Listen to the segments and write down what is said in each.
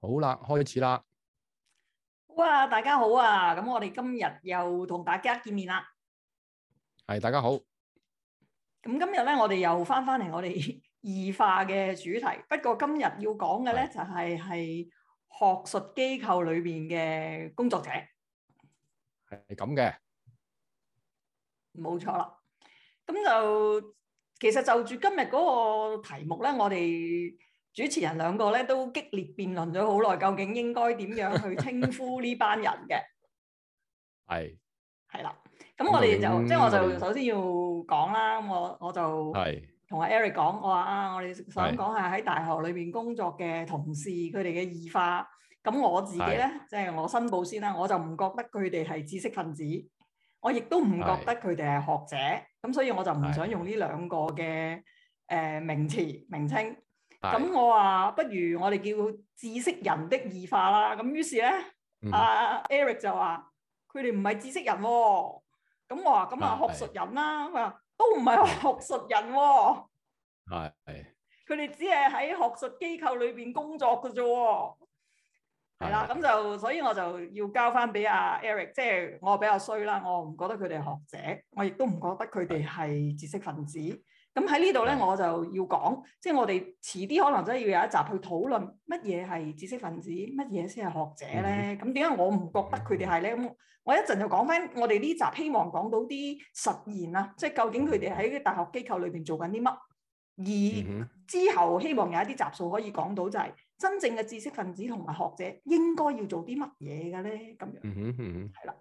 好啦，開始啦！哇，大家好啊，咁我哋今日又同大家見面啦。係大家好。咁今日咧，我哋又翻翻嚟我哋異化嘅主題。不過今日要講嘅咧，就係係學術機構裏邊嘅工作者。係咁嘅。冇錯啦。咁就其實就住今日嗰個題目咧，我哋。主持人兩個咧都激烈辯論咗好耐，究竟應該點樣去稱呼呢班人嘅？係係啦，咁我哋就即係我就首先要講啦。咁我我就同阿 Eric 講，我話啊，我哋想講下喺大學裏邊工作嘅同事佢哋嘅異化。咁我自己咧，即係我申報先啦，我就唔覺得佢哋係知識分子，我亦都唔覺得佢哋係學者。咁所以我就唔想用呢兩個嘅誒名詞名稱。咁我話不如我哋叫知識人的異化啦。咁於是咧，阿、mm hmm. uh, Eric 就話：佢哋唔係知識人喎、哦。咁我話：咁啊學術人啦、啊。佢話、mm hmm. 都唔係學,學術人喎、哦。係佢哋只係喺學術機構裏邊工作嘅啫、哦。係、mm hmm. 啦，咁就所以我就要交翻俾阿 Eric。即係我比較衰啦，我唔覺得佢哋係學者，我亦都唔覺得佢哋係知識分子。咁喺呢度咧，我就要講，即係我哋遲啲可能真係要有一集去討論乜嘢係知識分子，乜嘢先係學者咧？咁點解我唔覺得佢哋係咧？咁我一陣就講翻，我哋呢集希望講到啲實驗啊，即係究竟佢哋喺大學機構裏邊做緊啲乜？而之後希望有一啲集數可以講到就係真正嘅知識分子同埋學者應該要做啲乜嘢嘅咧？咁樣，係啦。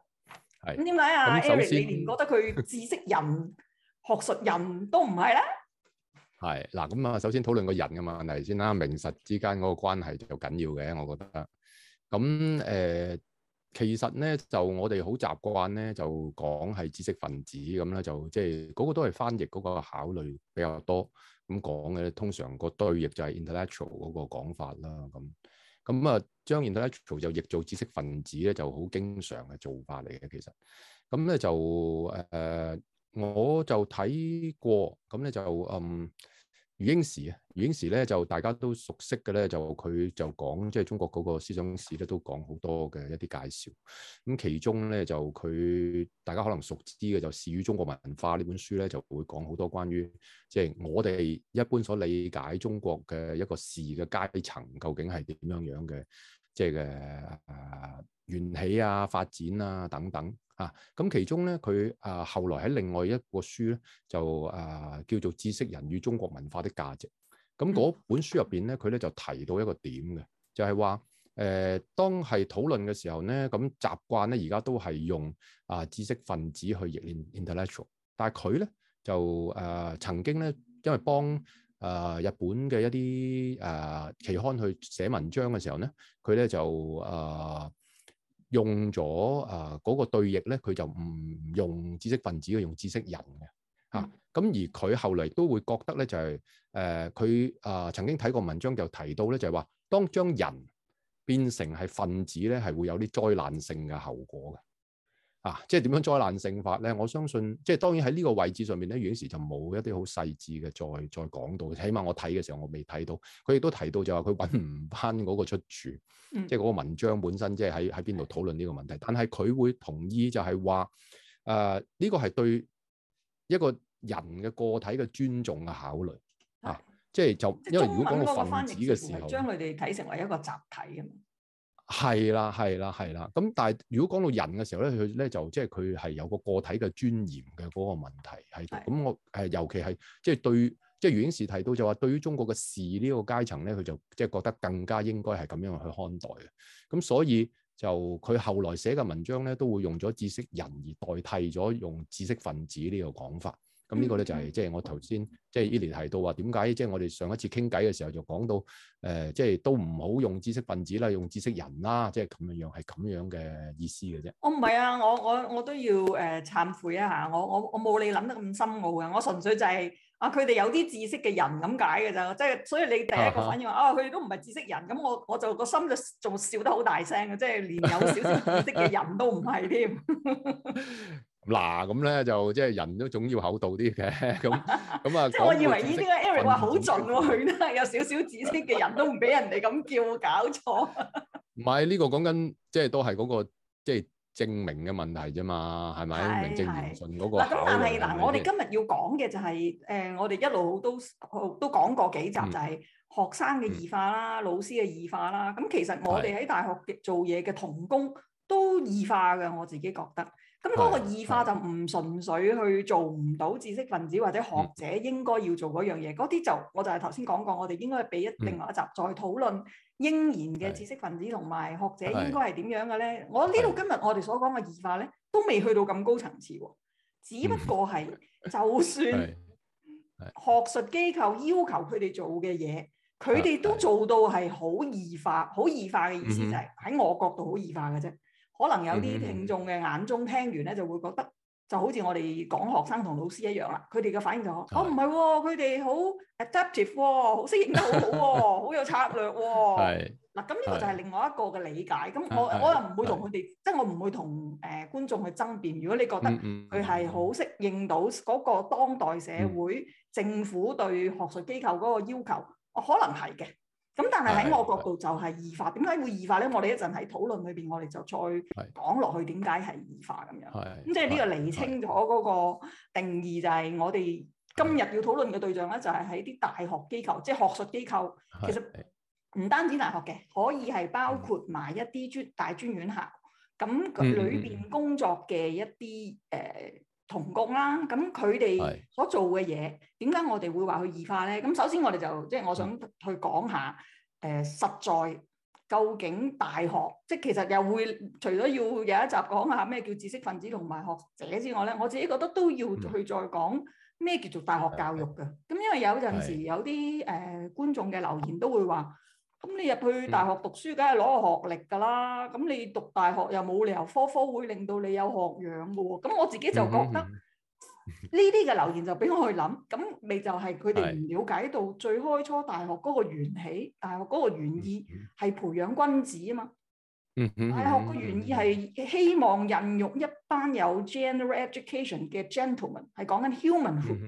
咁點解啊，Eric 你連覺得佢知識人？學術人都唔係啦，係嗱咁啊！首先討論個人嘅問題先啦，名實之間嗰個關係就緊要嘅，我覺得。咁誒、呃，其實咧就我哋好習慣咧，就講係知識分子咁啦，就即係嗰個都係翻譯嗰個考慮比較多咁講嘅。通常個對譯就係 intellectual 嗰個講法啦。咁咁啊，將 intellectual 就譯做知識分子咧，就好經常嘅做法嚟嘅。其實咁咧就誒。呃我就睇過咁咧，就嗯余英時啊，余英時咧就大家都熟悉嘅咧，就佢就講即係、就是、中國嗰個思想史咧，都講好多嘅一啲介紹。咁其中咧就佢大家可能熟知嘅就是《士與中國文化》呢本書咧，就會講好多關於即係、就是、我哋一般所理解中國嘅一個士嘅階層究竟係點樣樣嘅。即係嘅誒緣起啊、發展啊等等啊，咁其中咧佢啊後來喺另外一個書咧就啊、呃、叫做《知識人與中國文化的價值》。咁、嗯、嗰本書入邊咧，佢咧就提到一個點嘅，就係話誒當係討論嘅時候咧，咁習慣咧而家都係用啊、呃、知識分子去譯 intellectual，但係佢咧就誒、呃、曾經咧因為幫，誒、呃，日本嘅一啲誒、呃、期刊去寫文章嘅時候咧，佢咧就誒、呃、用咗誒嗰個對譯咧，佢就唔用知識分子，佢用知識人嘅吓。咁、啊、而佢後嚟都會覺得咧，就係誒佢誒曾經睇過文章就提到咧，就係、是、話當將人變成係分子咧，係會有啲災難性嘅後果嘅。啊！即係點樣災難性法咧？我相信，即係當然喺呢個位置上面呢，咧，現時就冇一啲好細緻嘅再再講到。起碼我睇嘅時候，我未睇到。佢亦都提到就話佢揾唔翻嗰個出處，嗯、即係嗰個文章本身即，即係喺喺邊度討論呢個問題。但係佢會同意就係話，誒、呃、呢、這個係對一個人嘅個體嘅尊重嘅考慮的啊！即係就的因為如果講分子嘅時候，將佢哋睇成為一個集體啊。係啦，係啦，係啦。咁但係如果講到人嘅時候咧，佢咧就即係佢係有個個體嘅尊嚴嘅嗰個問題喺度。咁的我誒尤其係即係對即係余英時提到就話，對於中國嘅士個階層呢個階層咧，佢就即係覺得更加應該係咁樣去看待嘅。咁所以就佢後來寫嘅文章咧，都會用咗知識人而代替咗用知識分子呢個講法。咁呢、嗯、個咧就係即係我頭先即係 Eli 提到話點解即係我哋上一次傾偈嘅時候就講到誒即係都唔好用知識分子啦，用知識人啦，即係咁樣樣係咁樣嘅意思嘅啫。我唔係啊，我我我都要誒懺、呃、悔一下，我我我冇你諗得咁深奧嘅，我純粹就係、是、啊佢哋有啲知識嘅人咁解嘅咋。即、就、係、是、所以你第一個反應話啊佢哋、啊、都唔係知識人，咁、啊、我我就個心就仲笑得好大聲嘅，即、就、係、是、連有少少知識嘅人都唔係添。 嗱咁咧就即係人都總要厚道啲嘅，咁咁啊！即係我以為呢啲咧，Eric 話好盡喎，佢都係有少少知識嘅人都唔俾人哋咁叫，搞錯。唔係呢個講緊即係都係嗰個即係證明嘅問題啫嘛，係咪名正言順嗰個？嗱，咁但係嗱，我哋今日要講嘅就係誒，我哋一路都都講過幾集，就係學生嘅異化啦，老師嘅異化啦。咁其實我哋喺大學嘅做嘢嘅同工都異化㗎，我自己覺得。咁嗰、嗯、個異化就唔純粹去做唔到知識分子或者學者應該要做嗰樣嘢，嗰啲、嗯、就我就係頭先講過，我哋應該俾一另外一集再討論應然嘅知識分子同埋、嗯、學者應該係點樣嘅咧。是我呢度今日我哋所講嘅異化咧，都未去到咁高層次喎、哦，只不過係就算學術機構要求佢哋做嘅嘢，佢哋、嗯、都做到係好異化，好異化嘅意思就係、是、喺、嗯、我角度好異化嘅啫。可能有啲聽眾嘅眼中聽完咧就會覺得，就好似我哋講學生同老師一樣啦。佢哋嘅反應就的哦，唔係喎，佢哋好 adaptive 喎、哦，好適應得好好、哦、喎，好 有策略喎、哦。嗱的，咁呢、啊、個就係另外一個嘅理解。咁我的我又唔會同佢哋，即係的我唔會同誒、呃、觀眾去爭辯。如果你覺得佢係好適應到嗰個當代社會政府對學術機構嗰個要求，我、啊、可能係嘅。咁但係喺我角度就係異化，點解的會異化咧？我哋一陣喺討論裏邊，我哋就再講落去點解係異化咁樣。咁即係呢個釐清楚嗰個定義就，就係我哋今日要討論嘅對象咧，就係喺啲大學機構，即係學術機構。其實唔單止大學嘅，可以係包括埋一啲專大專院校。咁裏邊工作嘅一啲誒。的同工啦，咁佢哋所做嘅嘢，點解我哋會話佢異化咧？咁首先我哋就即係、就是、我想去講下，誒、呃、實在究竟大學，即係其實又會除咗要有一集講下咩叫知識分子同埋學者之外咧，我自己覺得都要去再講咩叫做大學教育嘅。咁因為有陣時有啲誒的、呃、觀眾嘅留言都會話。咁你入去大學讀書，梗係攞個學歷㗎啦。咁你讀大學又冇理由科科會令到你有學養嘅喎、哦。咁我自己就覺得呢啲嘅留言就俾我去諗。咁咪就係佢哋唔了解到最開初大學嗰個緣起，大學嗰個原意係培養君子啊嘛。 大學嘅原意係希望孕育一班有 general education 嘅 gentleman，係講緊 humanhood，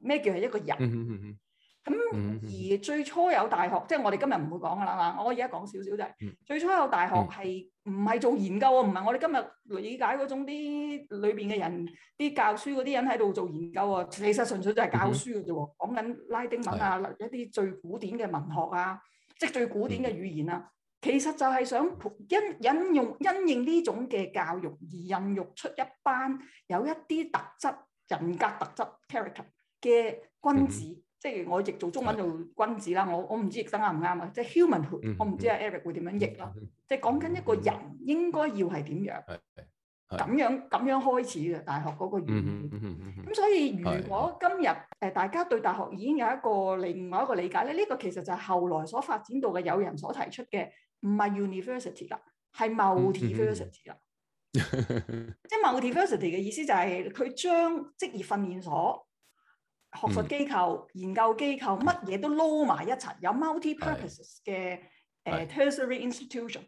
咩 叫係一個人？ 咁、嗯嗯、而最初有大學，即、就、係、是、我哋今日唔會講噶啦，我而家講少少就係、是嗯、最初有大學係唔係做研究啊？唔係我哋今日理解嗰種啲裏邊嘅人，啲教書嗰啲人喺度做研究啊？其實純粹就係教書嘅啫喎，講緊、嗯嗯、拉丁文啊，的一啲最古典嘅文學啊，嗯、即係最古典嘅語言啊。其實就係想因引用因應呢種嘅教育而孕育出一班有一啲特質人格特質 character 嘅君子。嗯即係我譯做中文的做君子啦，我我唔知譯得啱唔啱啊！即係 human，hood，嗯嗯我唔知阿 Eric 會點樣譯啦。嗯嗯即係講緊一個人應該要係點樣咁、嗯、樣咁樣開始嘅大學嗰個語。咁所以如果今日誒、嗯、大家對大學已經有一個另外一個理解咧，呢、呢個其實就係後來所發展到嘅有人所提出嘅，唔係 university 啦，係 multiversity 啦。 即係 multiversity 嘅意思就係佢將職業訓練所。學術機構、嗯、研究機構，乜嘢、嗯、都撈埋一齊，有 multi-purpose 嘅誒、嗯呃、tertiary institution，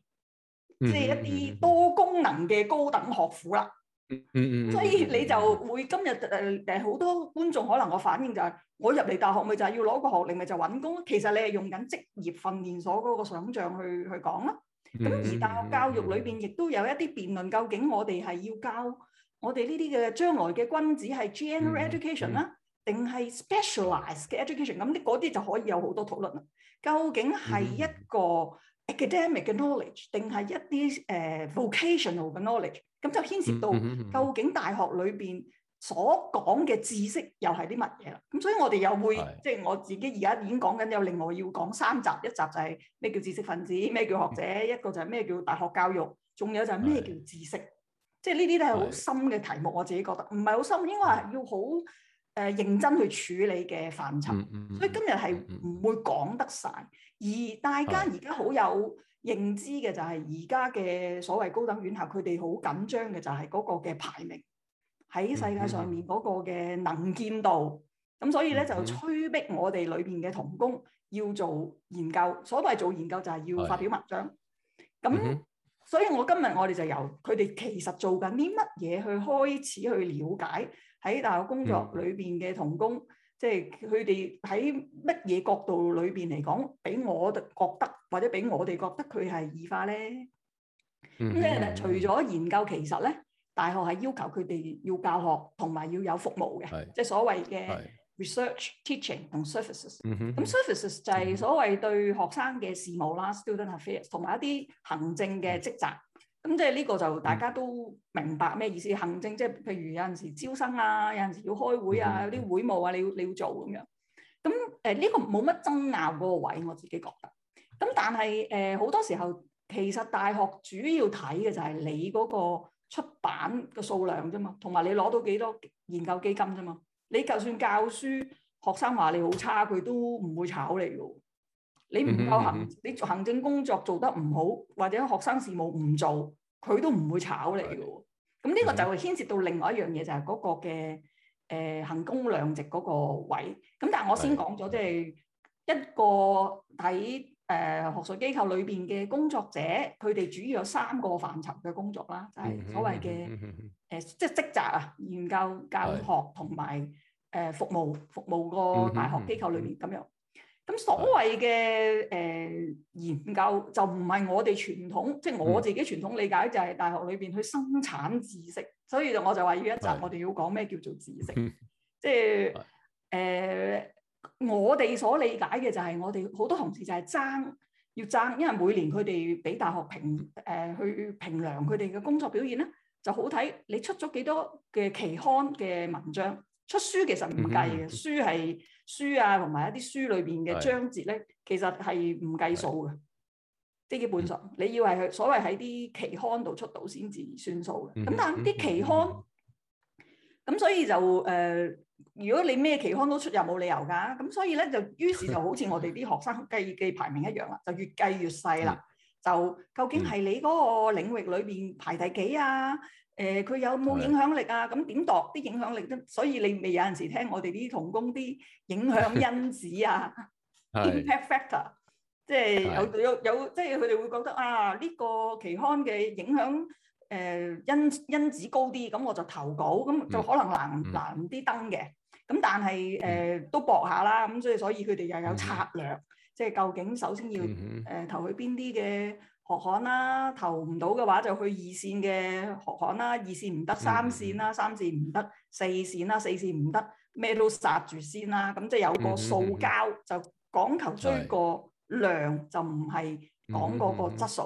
即係、嗯、一啲多功能嘅高等學府啦。嗯嗯嗯。嗯所以你就會今日誒誒好多觀眾可能個反應就係、是，我入嚟大學咪就係要攞個學歷，咪就揾、是就是、工。其實你係用緊職業訓練所嗰個想像去去講啦。咁而大學教育裏邊亦都有一啲辯論，究竟我哋係要教我哋呢啲嘅將來嘅君子係 general education 啦、嗯。定係 specialized 嘅 education，咁啲嗰啲就可以有好多討論啦。究竟係一個 academic 嘅 knowledge，定係一啲誒、uh, vocational 嘅 knowledge？咁就牽涉到究竟大學裏邊所講嘅知識又係啲乜嘢啦？咁所以我哋又會是即係我自己而家已經講緊，有另外要講三集，一集就係咩叫知識分子，咩叫學者，嗯、一個就係咩叫大學教育，仲有就係咩叫知識。是即係呢啲都係好深嘅題目，我自己覺得唔係好深，應該係要好。誒認真去處理嘅範疇，嗯嗯、所以今日係唔會講得晒。嗯、而大家而家好有認知嘅就係而家嘅所謂高等院校，佢哋好緊張嘅就係嗰個嘅排名、喺世界上面嗰個嘅能見度。咁、嗯、所以咧就催逼我哋裏邊嘅同工要做研究。所謂做研究就係要發表文章。咁所以我今日我哋就由佢哋其實做緊啲乜嘢去開始去了解。喺大學工作裏邊嘅同工，嗯、即係佢哋喺乜嘢角度裏邊嚟講，俾我覺得或者俾我哋覺得佢係異化咧。咁即係除咗研究其實咧，大學係要求佢哋要教學同埋要有服務嘅，是即係所謂嘅 research 是 teaching 同 services。咁、嗯嗯、services 就係所謂對學生嘅事務啦、嗯嗯、，student affairs，同埋一啲行政嘅職責。咁即係呢個就大家都明白咩意思？行政即係、就是、譬如有陣時招生啊，有陣時要開會啊，有啲會務啊，你要你要做咁樣。咁誒呢個冇乜爭拗嗰個位，我自己覺得。咁但係誒好多時候，其實大學主要睇嘅就係你嗰個出版嘅數量啫嘛，同埋你攞到幾多研究基金啫嘛。你就算教書，學生話你好差，佢都唔會炒你㗎。你唔夠行，你做行政工作做得唔好，或者學生事務唔做，佢都唔會炒你嘅喎。咁呢 Right. 個就會牽涉到另外一樣嘢，就係、是、嗰個嘅誒衡工量值嗰個位。咁但係我先講咗，即係 Right. 一個喺誒、呃、學術機構裏邊嘅工作者，佢哋主要有三個範疇嘅工作啦，就係、是、所謂嘅誒即係職責啊、研究教學同埋誒服務服務個大學機構裏面咁樣。咁所謂嘅誒、呃、研究就唔係我哋傳統，即係我自己傳統理解就係大學裏邊去生產知識，所以就我就話要一集，我哋要講咩叫做知識。即係誒我哋所理解嘅就係我哋好多同事就係爭要爭，因為每年佢哋俾大學評誒、呃、去評量佢哋嘅工作表現咧，就好睇你出咗幾多嘅期刊嘅文章，出書其實唔計嘅，書係。書啊，同埋一啲書裏邊嘅章節咧，其實係唔計數嘅，啲的基本上，嗯、你要係佢所謂喺啲期刊度出到先至算數嘅。咁、嗯、但係啲期刊，咁、嗯、所以就誒、呃，如果你咩期刊都出又冇理由㗎。咁所以咧就於是就好似我哋啲學生計嘅排名一樣啦， 就越計越細啦。的就究竟係你嗰個領域裏邊排第幾啊？誒，佢、呃、有冇影響力啊？咁點度啲影響力都，所以你未有陣時聽我哋啲同工啲影響因子啊 impact factor 即係有有有，即係佢哋會覺得啊，呢、這個期刊嘅影響誒、呃、因因子高啲，咁、嗯、我就投稿，咁就可能難難啲登嘅。咁、嗯嗯、但係誒、呃、都搏下啦，咁、嗯、所以所以佢哋又有策略，即係、嗯、究竟首先要誒、嗯嗯嗯嗯、投去邊啲嘅。學刊啦、啊，投唔到嘅話就去二線嘅學刊啦、啊，二線唔得，三線啦、啊，三線唔得，四線啦、啊，四線唔得，咩都塞住先啦、啊。咁即係有個塑膠，就講求追個量，對就唔係講嗰個質素。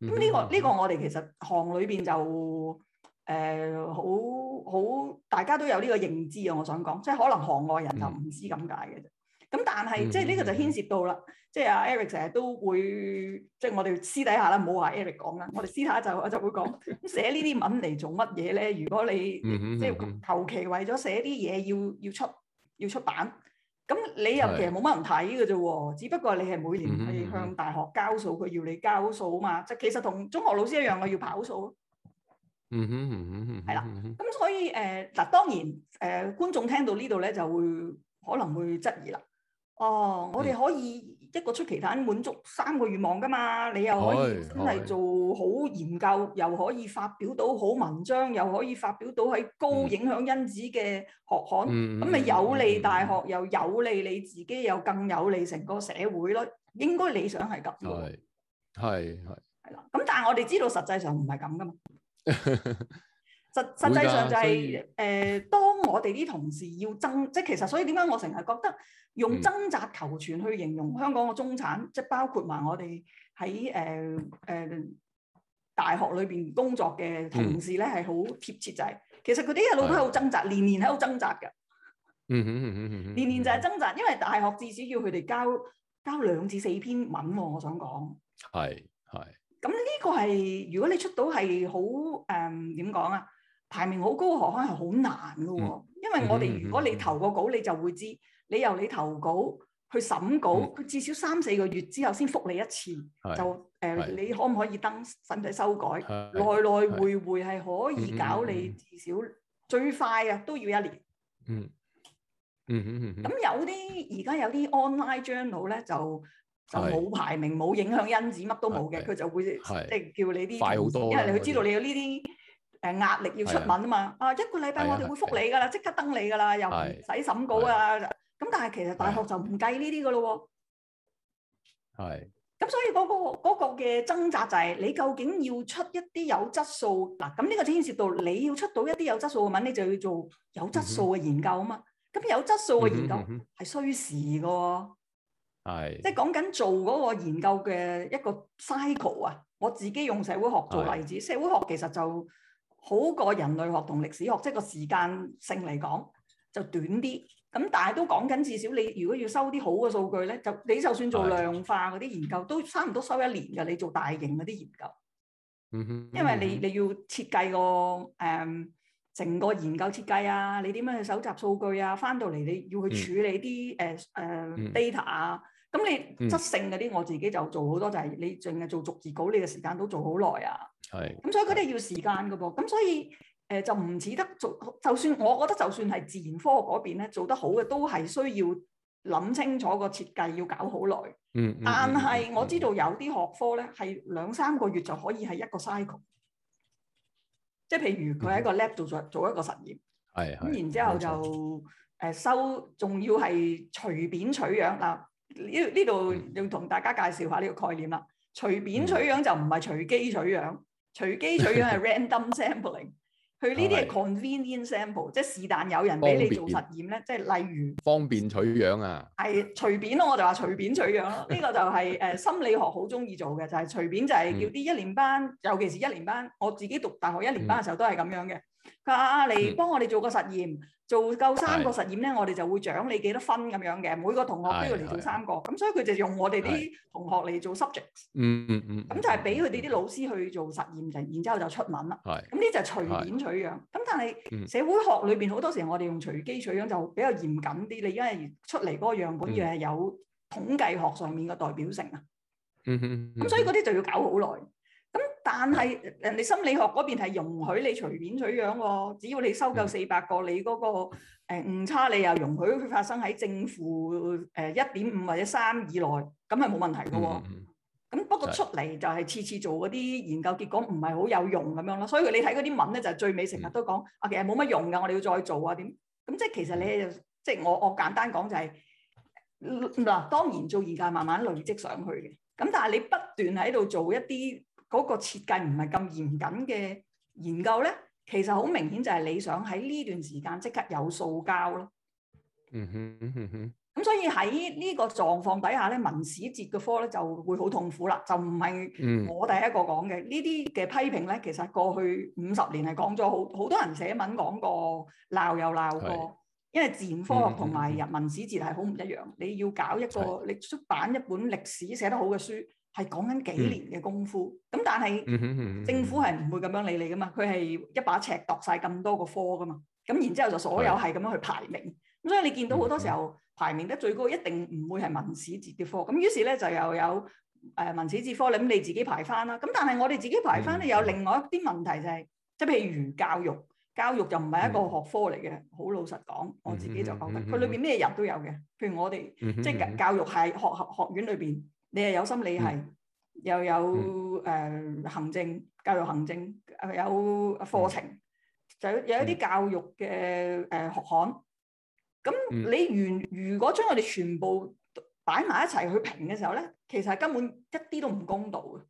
咁呢、嗯嗯嗯嗯這個呢、這個我哋其實行裏面就誒好好，大家都有呢個認知啊。我想講，即係可能行外人就唔知咁解嘅啫。嗯嗯咁但係即係呢、這個就牽涉到啦，即係阿 Eric 成日都會，即係我哋私底下啦，唔好話 Eric 講啦，我哋私底下就就會講， 寫呢啲文嚟做乜嘢咧？如果你 即係求其為咗寫啲嘢要要出要出版，咁你又其實冇乜人睇嘅啫喎， 只不過你係每年係向大學交數，佢要你交數啊嘛，即係其實同中學老師一樣，我要跑數咯。嗯哼嗯哼，係啦。咁所以誒嗱、呃，當然誒、呃、觀眾聽到呢度咧，就會可能會質疑啦。哦，嗯、我哋可以一個出奇蛋滿足三個願望噶嘛？你又可以真係做好研究，又可以發表到好文章，又可以發表到喺高影響因子嘅學刊，咁咪、嗯、有利大學，嗯、又有利你自己，又更有利成個社會咯。應該理想係咁，係係係啦。咁但係我哋知道實際上唔係咁噶嘛。 實實際上就係、是、誒以、呃，當我哋啲同事要爭，即係其實所以點解我成日覺得用「掙扎求存」去形容香港嘅中產，嗯、即係包括埋我哋喺誒誒大學裏邊工作嘅同事咧，係好貼切就係、是，其實佢哋一路都喺度掙扎，是年年喺度掙扎嘅。嗯嗯嗯嗯嗯。年年就係掙扎，因為大學至少要佢哋交交兩至四篇文喎，我想講。係係。咁呢是是個係如果你出到係好誒點講啊？嗯嗯嗯嗯嗯嗯嗯嗯排名好高嘅學刊係好難嘅喎，因為我哋如果你投個稿，你就會知，你由你投稿去審稿，佢至少三四個月之後先覆你一次，就誒，你可唔可以登，使唔使修改？來來回回係可以搞你，至少最快啊都要一年。嗯嗯嗯嗯。咁有啲而家有啲 online journal 咧，就就冇排名、冇影響因子，乜都冇嘅，佢就會即係叫你啲，因為佢知道你有呢啲。誒壓力要出文啊嘛！啊一個禮拜我哋會覆你㗎啦，即刻登你㗎啦，又唔使審稿啊！咁但係其實大學就唔計呢啲㗎咯喎。係。咁所以嗰個嗰個嘅掙扎就係你究竟要出一啲有質素嗱，咁呢個就牽涉到你要出到一啲有質素嘅文，你就要做有質素嘅研究啊嘛。咁有質素嘅研究係需時㗎。係。即係講緊做嗰個研究嘅一個 cycle 啊！我自己用社會學做例子，社會學其實就～好過人類學同歷史學，即係個時間性嚟講就短啲。咁但係都講緊，至少你如果要收啲好嘅數據咧，就你就算做量化嗰啲研究都差唔多收一年㗎。你做大型嗰啲研究嗯，嗯哼，因為你你要設計個誒成、呃、個研究設計啊，你點樣去搜集數據啊，翻到嚟你要去處理啲誒誒 data 啊。咁你質性嗰啲，嗯、我自己就做好多就係、是、你淨係做逐字稿，你嘅時間都做好耐啊。係是。咁所以佢哋要時間㗎噃。咁是的 所以誒、呃、就唔似得做，就算我覺得就算係自然科學嗰邊咧做得好嘅，都係需要諗清楚個設計要搞好耐。嗯。但係我知道有啲學科咧係、嗯、兩三個月就可以係一個 cycle，即係譬如佢喺一個 lab 度、嗯、做做一個實驗。係係的。咁然之後就誒收，仲要係隨便取樣嗱。呢呢度要同大家介紹下呢個概念啦。隨便取樣就唔係隨機取樣， 隨機取樣係 random sampling。佢呢啲係 convenient sample，即係是但有人俾你做實驗咧，即係便例如方便取樣啊，係隨便咯，我就話隨便取樣咯。呢 個就係誒心理學好中意做嘅，就係、是、隨便就係叫啲一年班， 尤其是一年班，我自己讀大學一年班嘅時候都係咁樣嘅。佢話嚟幫我哋做個實驗。 做夠三個實驗咧，的我哋就會獎你幾多分咁樣嘅。每個同學都要嚟做三個，咁的所以佢就用我哋啲的同學嚟做 subjects、嗯。嗯嗯嗯。咁就係俾佢哋啲老師去做實驗，就然之後就出文啦。係的。咁呢就隨便取樣。係的。咁但係社會學裏邊好多時我哋用隨機取樣就比較嚴謹啲。你因為出嚟嗰個樣本又係有統計學上面嘅代表性啊。咁、嗯嗯嗯嗯、所以嗰啲就要搞好耐。但係人哋心理學嗰邊係容許你隨便取樣喎，只要你收夠四百個，嗯、你嗰個誒誤差你又容許佢發生喺正負誒一點五或者三以內，咁係冇問題嘅喎。咁、嗯嗯、不過出嚟就係次次做嗰啲研究結果唔係好有用咁樣咯。的所以你睇嗰啲文咧，就係最尾成日都講、嗯、啊，其實冇乜用㗎，我哋要再做啊點？咁即係其實你即係我我簡單講就係、是、嗱，當然做而家慢慢累積上去嘅。咁但係你不斷喺度做一啲。嗰個設計唔係咁嚴謹嘅研究呢，其實好明顯就係你想喺呢段時間即刻有數交咯。嗯哼，嗯，咁所以喺呢個狀況底下呢，文史哲嘅科呢就會好痛苦啦。就唔係我第一個講嘅呢啲嘅批評呢，其實過去五十年係講咗好好多人寫文講過鬧又鬧過，是因為自然科學同埋人文史哲係好唔一樣。嗯、哼你要搞一個是你出版一本歷史寫得好嘅書。係講緊幾年嘅功夫，咁但係政府係唔會咁樣理你噶嘛。佢係一把尺度晒咁多個科噶嘛，咁然之後就所有係咁樣去排名。咁的所以你見到好多時候排名得最高一定唔會係文史哲嘅科。咁於是咧就又有誒文史哲科你咁你自己排翻啦。咁但係我哋自己排翻咧的有另外一啲問題就係、是，即、就、係、是、譬如教育，教育就唔係一個學科嚟嘅。好老實講，我自己就覺得佢裏邊咩人都有嘅。譬如我哋的即係教育係學學院裏邊。你又有心理系，嗯、又有誒行政、教育行政，有課程，嗯、就有一啲教育嘅誒、呃、學行。咁你如、嗯、如果將我哋全部擺埋一齊去評嘅時候咧，其實係根本一啲都唔公道嘅。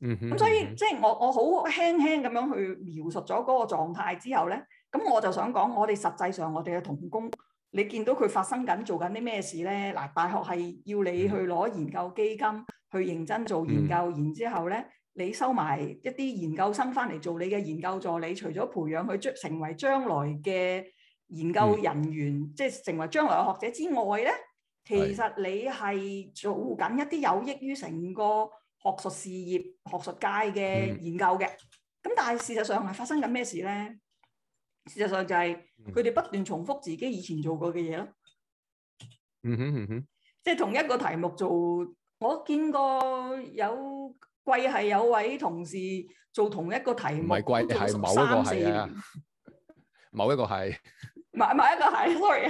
嗯哼。咁所以即係、嗯、哼我我好輕輕咁樣去描述咗嗰個狀態之後咧，咁我就想講，我哋實際上我哋嘅同工。你見到佢發生緊做緊啲咩事呢？嗱，大學係要你去攞研究基金，去認真做研究，嗯、然之後呢，你收埋一啲研究生翻嚟做你嘅研究助理，除咗培養佢將成為將來嘅研究人員，嗯、即係成為將來嘅學者之外呢，其實你係做緊一啲有益於成個學術事業、學術界嘅研究嘅。咁、嗯、但係事實上係發生緊咩事呢？事實上就係佢哋不斷重複自己以前做過嘅嘢咯。嗯哼嗯哼，即係同一個題目做。我見過有貴系有位同事做同一個題目，唔係貴系某一個系啊。某一個系，某某一個系，sorry。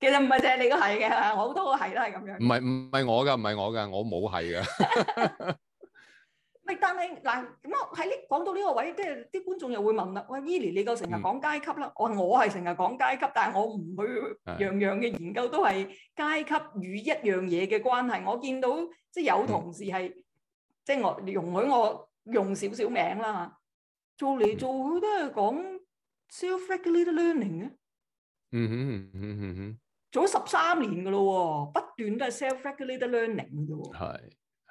其實唔係淨係你個系嘅，我好多個系都係咁樣。唔係唔係我噶，唔係我噶，我冇系噶。但係嗱，咁啊喺呢講到呢個位，即係啲觀眾又會問啦。喂 Eli，你夠成日講階級啦。我係我係成日講階級，但係我唔去樣樣嘅研究都係階級與一樣嘢嘅關係。我見到即係有同事係，即係我容許我用少少名啦，做嚟做去都係講 self-regulated learning 嘅。嗯哼嗯哼嗯哼，做咗十三年噶咯喎，不斷都係 self-regulated learning 嘅啫喎。係。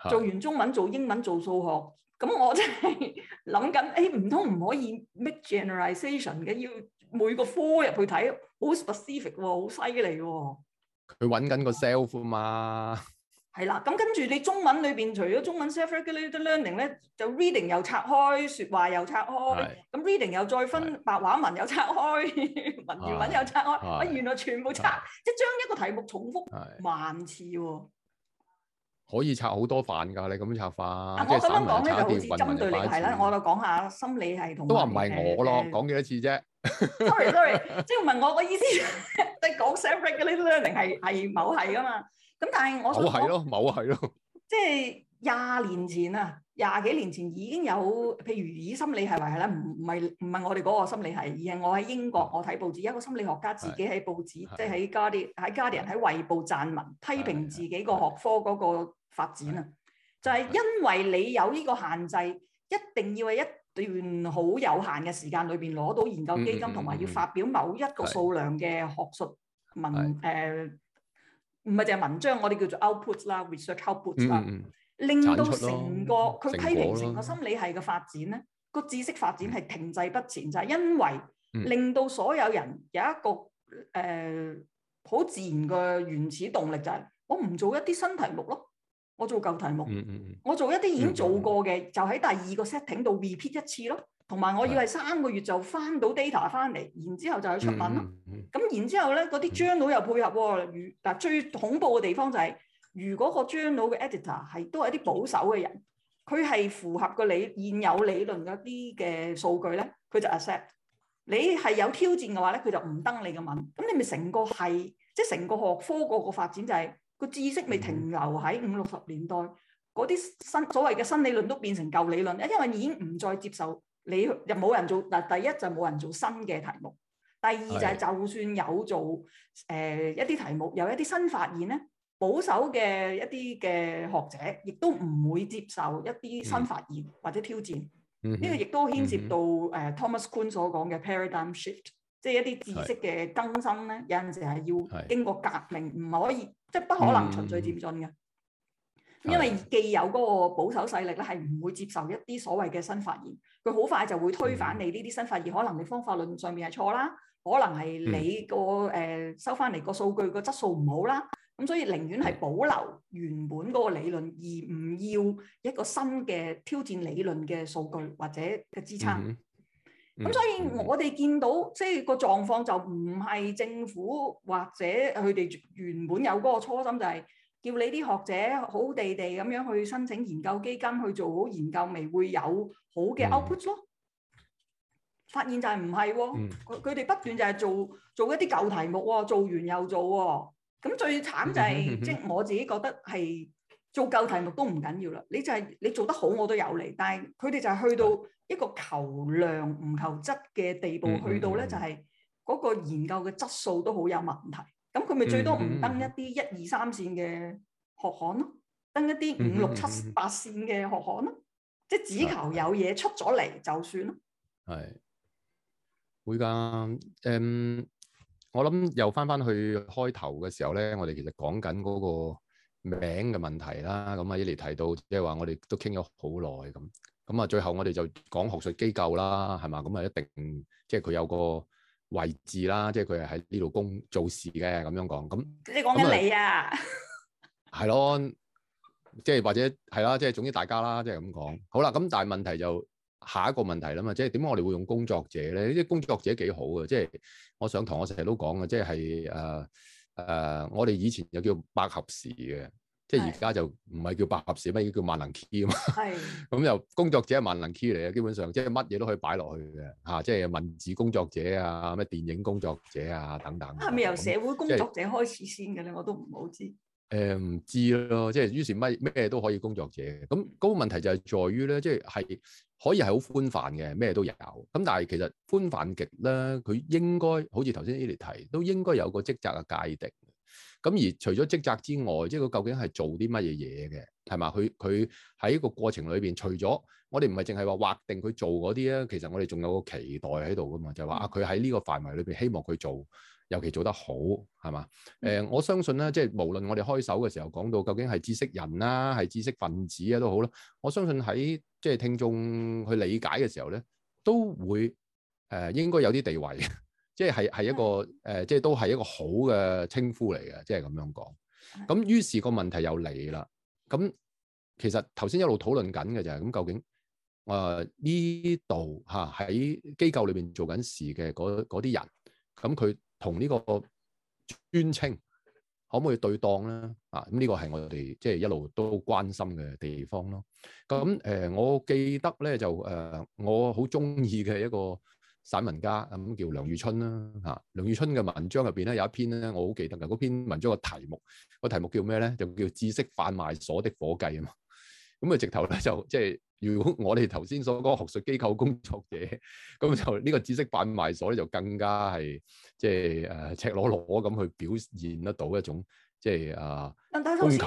做完中文做英文做數學，咁我真係諗緊，誒唔通唔可以 make generalization 嘅？要每個科入去睇，好 specific 好犀利喎。佢揾緊個 self 啊嘛？係啦，咁跟住你中文裏邊，除咗中文 self-regulated learning 咧，就 reading 又拆開，説話又拆開，咁的 reading 又再分白話文又拆開，的 文言文又拆開，啊的原來全部拆，即係將的一個題目重複萬次喎。的可以拆好多飯㗎，你咁樣拆飯，我咁樣講呢就好似針對你係啦。我就講下心理係同，都話唔係我咯，講幾多次啫？Sorry，Sorry，即係問我個意思，即係講 separate 嘅呢啲咧，定係係某係噶嘛？咁但係我某係咯，某係咯。即係廿年前啊，廿幾年前已經有，譬如以心理係為例啦，唔係唔係我哋嗰個心理係，而係我喺英國，我睇報紙，一個心理學家自己喺報紙，即係喺 Guardian，喺 Guardian 人喺衛報撰文，批評自己個學科嗰個。發展啊，就係、是、因為你有呢個限制，一定要喺一段好有限嘅時間裏邊攞到研究基金，同埋、嗯嗯嗯、要發表某一個數量嘅學術文誒，唔係淨係文章，我哋叫做 output 啦，research output 啦、嗯，令到成個佢批評成個心理系嘅發展咧，個知識發展係停滯不前，嗯、就係因為令到所有人有一個誒好、呃、自然嘅原始動力，就係、是、我唔做一啲新題目咯。我做舊題目，我做一啲已經做過嘅， 就喺第二個 setting 度 repeat 一次咯。同埋我以為三個月就翻到 data 翻嚟，然之後就去出文咯。咁 然之後咧，嗰啲 journal 又配合。如嗱最恐怖嘅地方就係、是，如果個 journal 嘅 editor 係都係一啲保守嘅人，佢係符合個理現有理論嗰啲嘅數據咧，佢就 accept。你係有挑戰嘅話咧，佢就唔登你嘅文。咁你咪成個係，即係成個學科個個發展就係、是。個知識未停留喺五六十年代，嗰啲新所謂嘅新理論都變成舊理論啊！因為已經唔再接受你，又冇人做。嗱，第一就冇、是、人做新嘅題目，第二是就係就算有做誒、呃、一啲題目，有一啲新發現咧，保守嘅一啲嘅學者亦都唔會接受一啲新發現、嗯、或者挑戰。呢、嗯、哼個亦都牽涉到誒、嗯哼 uh, Thomas Kuhn 所講嘅 paradigm shift。即係一啲知識嘅更新咧，是有陣時係要經過革命，唔可以即係是不可能循序漸進嘅，嗯、因為既有嗰個保守勢力咧，係唔會接受一啲所謂嘅新發現，佢好快就會推翻你呢啲新發現。嗯、可能你方法論上面係錯啦，可能係你、嗰個誒、嗯呃、收翻嚟個數據個質素唔好啦，咁所以寧願係保留原本嗰個理論，嗯、而唔要一個新嘅挑戰理論嘅數據或者嘅支撐。嗯。咁、嗯、所以我哋見到即係、就是、個狀況就唔係政府或者佢哋原本有嗰個初心，就係、是、叫你啲學者好地地咁樣去申請研究基金去做好研究，未會有好嘅 output 咯。發現就係唔係佢、佢哋不斷就係做做一啲舊題目喎、哦，做完又做喎、哦。咁最慘就係、是、 即係我自己覺得係。做舊題目都唔緊要啦，你就係、是、你做得好我都有嚟，但係佢哋就係去到一個求量唔求質嘅地步，嗯嗯嗯去到咧就係、是、嗰個研究嘅質素都好有問題。咁佢咪最多唔登一啲一二三線嘅學刊咯、啊，登一啲五六七八線嘅學刊咯、啊，即係只求有嘢的出咗嚟就算咯。係會㗎，誒、um，我諗又翻翻去開頭嘅時候咧，我哋其實講緊嗰個名嘅問題啦，咁、嗯、啊一嚟提到，即係話我哋都傾咗好耐咁，咁啊最後我哋就講學術機構啦，係嘛？咁啊一定即係佢有個位置啦，即係佢係喺呢度工做事嘅咁樣講。咁你講緊你啊？係咯， 即、就、係、是、或者係啦，即係、就是、總之大家啦，即係咁講。好啦，咁但係問題就下一個問題啦嘛，即係點解我哋會用工作者咧？啲、就是、工作者幾好嘅，即、就、係、是、我上堂我成日都講嘅，即係誒。呃誒，uh, 我哋以前就叫百合匙嘅，即係而家就唔係叫百合匙，咩是，叫萬能 key 啊嘛。係是，咁又、 嗯、工作者係萬能 key 嚟嘅，基本上即係乜嘢都可以擺落去嘅，吓、啊，即、就、係、是、文字工作者啊，咩電影工作者啊等等。係咪由社會工作者開始先嘅咧？嗯、我都唔好知。誒、嗯，唔知咯，即係於是乜咩都可以工作者。咁、嗯、嗰、那個問題就係在於咧，即係係。可以係好寬泛嘅，咩都有。咁但係其實寬泛極啦，佢應該好似頭先啲嚟提，都應該有個職責嘅界定。咁而除咗職責之外，即係佢究竟係做啲乜嘢嘢嘅，係嘛？佢佢喺個過程裏邊，除咗我哋唔係淨係話劃定佢做嗰啲啊，其實我哋仲有個期待喺度噶嘛，就係話啊，佢喺呢個範圍裏邊，希望佢做。尤其做得好，係嘛？誒、呃，我相信咧，即係無論我哋開首嘅時候講到究竟係知識人啦、啊，係知識分子啊，都好啦。我相信喺即係聽眾去理解嘅時候咧，都會誒、呃、應該有啲地位，即係係係一個誒、呃，即係都係一個好嘅稱呼嚟嘅，即係咁樣講。咁於是個問題又嚟啦。咁其實頭先一路討論緊嘅就係，咁究竟、呃、啊呢度嚇喺機構裏邊做緊事嘅嗰啲人，咁佢。同呢個尊稱可唔可以對當咧啊？咁、這、呢個係我哋即係一路都關心嘅地方咯。咁、嗯、誒、呃，我記得咧就誒、呃，我好中意嘅一個散文家咁、嗯、叫梁遇春啦、啊。嚇、啊，梁遇春嘅文章入邊咧有一篇咧，我好記得嘅。嗰篇文章嘅題目個題目叫咩咧？就叫知識販賣所的伙計啊嘛。咁 啊、嗯嗯，直頭咧就即係。就是如果我哋頭先所講學術機構工作者，咁就呢個知識販賣所咧，就更加係即係誒赤裸裸咁去表現得到一種即係啊。但係頭先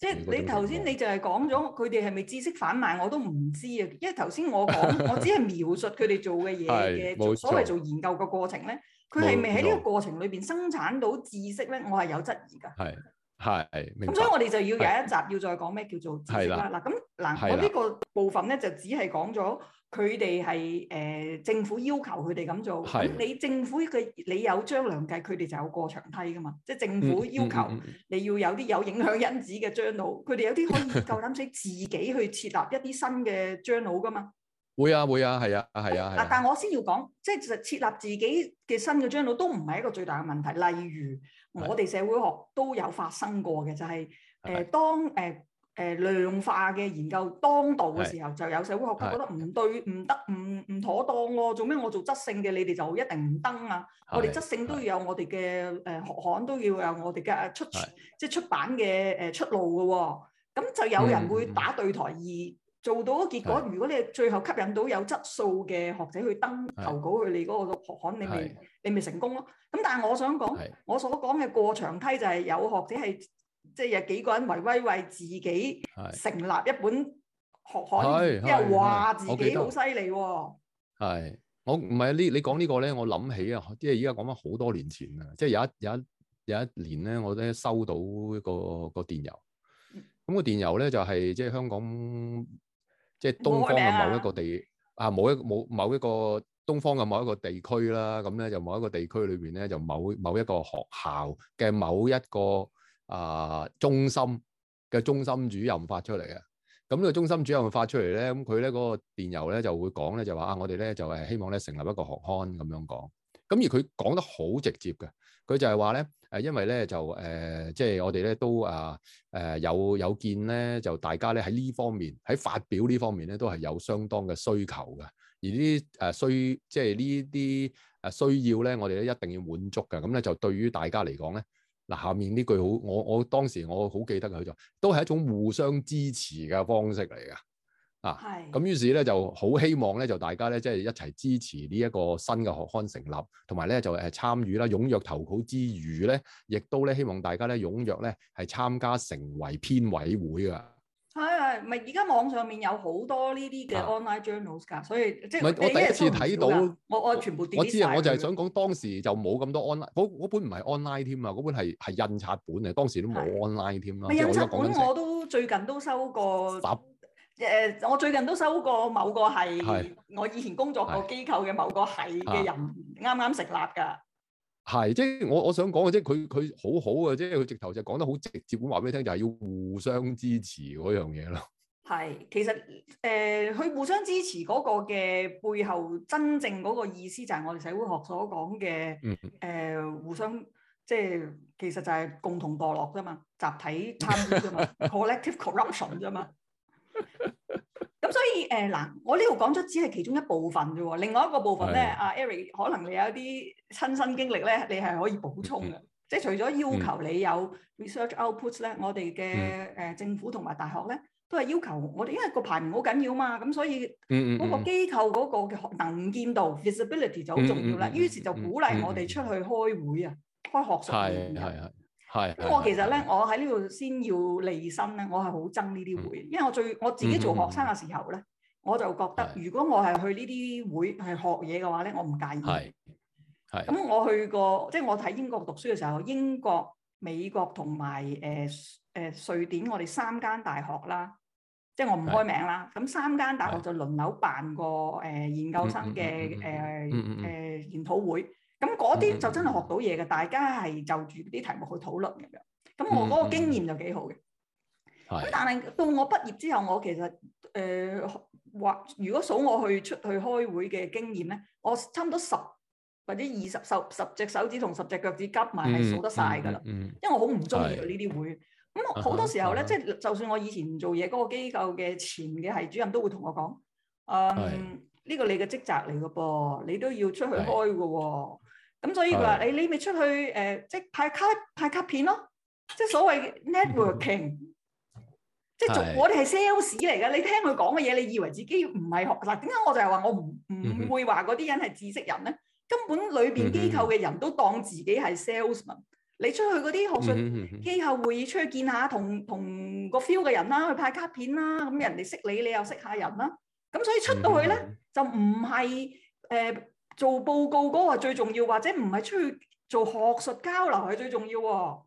即係你頭先你就係講咗佢哋係咪知識販賣，我都唔知啊。因為頭先我講我只係描述佢哋做嘅嘢嘅所謂做研究嘅過程咧，佢係咪喺呢個過程裏邊生產到知識咧？我係有質疑噶。係，咁所以我哋就要有一集要再講咩叫做知識啦。嗱的，咁嗱，我呢個部分咧的就只係講咗佢哋係誒政府要求佢哋咁做。係的，你政府嘅你有張良計，佢哋就有過長梯噶嘛？即、就、係、是、政府要求你要有啲有影響因子嘅 journal，佢、嗯、哋、嗯嗯、有啲可以夠膽死自己去設立一啲新嘅 journal 噶嘛？會啊，會啊，係啊，係啊。嗱、啊啊，但係我先要講，即係設設立自己嘅新嘅 journal 都唔係一個最大嘅問題。例如。我哋社會學都有發生過嘅，就係、是、誒、呃、當誒誒、呃呃、量化嘅研究當道嘅時候，是就有社會學家覺得唔對唔得唔唔妥當喎、哦。做咩我做質性嘅，你哋就一定唔登啊？是我哋質性都要有我哋嘅誒學刊，都要有我哋嘅出是即係出版嘅誒出路嘅、哦。咁就有人會打對台二。嗯嗯做到嗰結果，是如果你係最後吸引到有質素嘅學者去登投稿去你嗰個學刊，你咪你咪成功咯。咁但係我想講，是我所講嘅過長梯就係有學者係即係有幾個人為威為自己成立一本學刊，之後話自己好犀利喎。係我唔係呢你講呢個咧，我諗、哦、起啊，即係而家講翻好多年前啦，即、就、係、是、有一有一有一年咧，我都收到一個一個電郵，咁、那個電郵咧就係即係香港。即係東方嘅某一個地啊，某一某某一個東方嘅某一個地區啦，咁咧就某一個地區裏邊咧就某某一個學校嘅某一個啊、呃、中心嘅中心主任發出嚟嘅，咁呢個中心主任發出嚟咧，咁佢咧嗰個電郵咧就會講咧就話啊，我哋咧就係希望咧成立一個學刊咁樣講，咁而佢講得好直接嘅。佢就係話咧，誒，因為咧就誒、呃，即係我哋咧都啊，誒、呃呃、有有見咧，就大家咧喺呢方面喺發表呢方面咧都係有相當嘅需求嘅，而呢誒需即係呢啲誒需要咧，我哋咧一定要滿足嘅。咁咧就對於大家嚟講咧，嗱下面呢句好，我我當時我好記得佢就都係一種互相支持嘅方式嚟嘅。啊，係咁於是咧，就好希望咧，就大家咧，即係一齊支持呢一個新嘅學刊成立，同埋咧就誒參與啦，踴躍投稿之餘咧，亦都咧希望大家咧踴躍咧係參加成為編委會啊。係係，唔係而家網上面有好多呢啲嘅 online journals 㗎，的所以即係我的第一次睇到，我我全部我知啊，我就係想講當時就冇咁多 online，嗰本唔係 online 添啊，嗰本係係印刷本啊，當時都冇 online 添啦。印刷本我都最近都收過十誒、呃，我最近都收過某個係是我以前工作過機構嘅某個係嘅人，啱啱是成立㗎。係，即係我我想講嘅，即係佢佢好好嘅，即係佢直頭就講得好直接咁話俾你聽，就係、是、要互相支持嗰樣嘢咯。係，其實誒，佢、呃、互相支持嗰個嘅背後真正嗰個意思，就係我哋社會學所講嘅誒互相，即係其實就係共同墮落啫嘛，集體貪污啫嘛，collective corruption 啫嘛。 誒嗱、呃，我呢度講咗只係其中一部分啫喎，另外一個部分咧，阿的、啊、Eric 可能你有啲親身經歷咧，你係可以補充嘅。嗯、即係除咗要求你有 research outputs 咧、嗯，我哋嘅誒政府同埋大學咧，都係要求我哋，因為個排名好緊要嘛，咁所以嗰個機構嗰個嘅能見度、嗯嗯嗯、visibility 就好重要啦。嗯嗯嗯嗯嗯，於是就鼓勵我哋出去開會啊，嗯嗯嗯，開學術會議。的的係，咁我其實咧，我喺呢度先要利申咧，我係好憎呢啲會，因為我最我自己做學生嘅時候咧，我就覺得如果我係去呢啲會係學嘢嘅話咧，我唔介意。係，咁我去過，即係我喺英國讀書嘅時候，英國、美國同埋誒誒瑞典，我哋三間大學啦，即係我唔開名啦。咁三間大學就輪流辦個誒研究生嘅誒誒研討會。咁嗰啲就真係學到嘢嘅，嗯、大家係就住啲題目去討論嘅咁樣。咁我嗰個經驗就幾好嘅。嗯嗯、但係到我畢業之後，我其實誒、呃、或如果數我去出去開會嘅經驗咧，我差唔多十或者二十十十隻手指同十隻腳趾夾埋係數得晒㗎啦。嗯嗯嗯、因為我好唔中意呢啲會。咁好、嗯、好多時候咧，嗯、即係就算我以前做嘢，嗰、嗰個機構嘅前嘅係主任都會同我講：誒呢個你嘅職責嚟㗎噃，你都要出去開㗎喎。咁所以佢話的：你你咪出去誒、呃，即係派卡派卡片咯，即係所謂 networking、嗯、哼即係做我哋係 sales 嚟嘅。的你聽佢講嘅嘢，你以為自己唔係學啦？點解我就係話我唔唔會話嗰啲人係知識人咧？根本裏邊機構嘅人都當自己係 salesman。嗯、哼你出去嗰啲學術機構、嗯、哼會議出去見下同，同同個 feel 嘅人啦，去派卡片啦，咁人哋識你，你又識下人啦。咁所以出到去咧，就唔係誒。呃呃做報告嗰個係最重要，或者唔係出去做學術交流係最重要喎。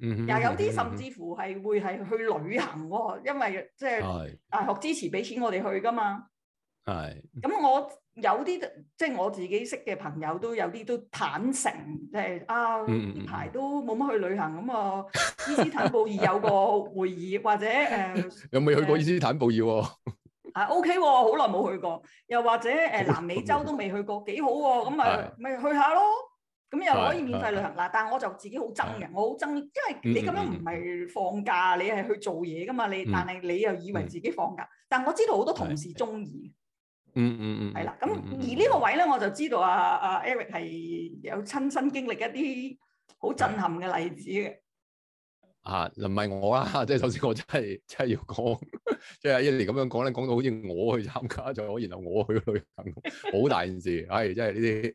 嗯哼，又有啲甚至乎係會係去旅行喎，因為即係大學支持俾錢我哋去噶嘛。係、哎。咁我有啲即係我自己識嘅朋友都有啲都坦誠，即、就、係、是、啊，呢排、嗯嗯、都冇乜去旅行咁啊。嗯、 伊斯坦布爾有個會議， 或者誒，呃、有未去過伊斯坦布爾喎、哦？ 啊，OK 好耐冇去過，又或者誒、呃、南美洲都未去過，幾好喎、哦，咁咪咪去下咯，咁又可以免費旅行喇，的但我就自己好憎嘅，的我好憎，因為你咁樣唔係放假，嗯嗯你係去做嘢噶嘛，你，嗯、但係你又以為自己放假，嗯、但我知道好多同事中意，嗯嗯嗯，嗯，係啦，咁而呢個位咧，我就知道啊阿、啊、Eric 係有親身經歷一啲好震撼嘅例子嘅，的啊，唔係我啦，即係首先我真係真係要講。 即係阿 i l i 咁樣講咧，講到好似我去參加咗，然後我去旅行，好大件事，唉，即係呢啲，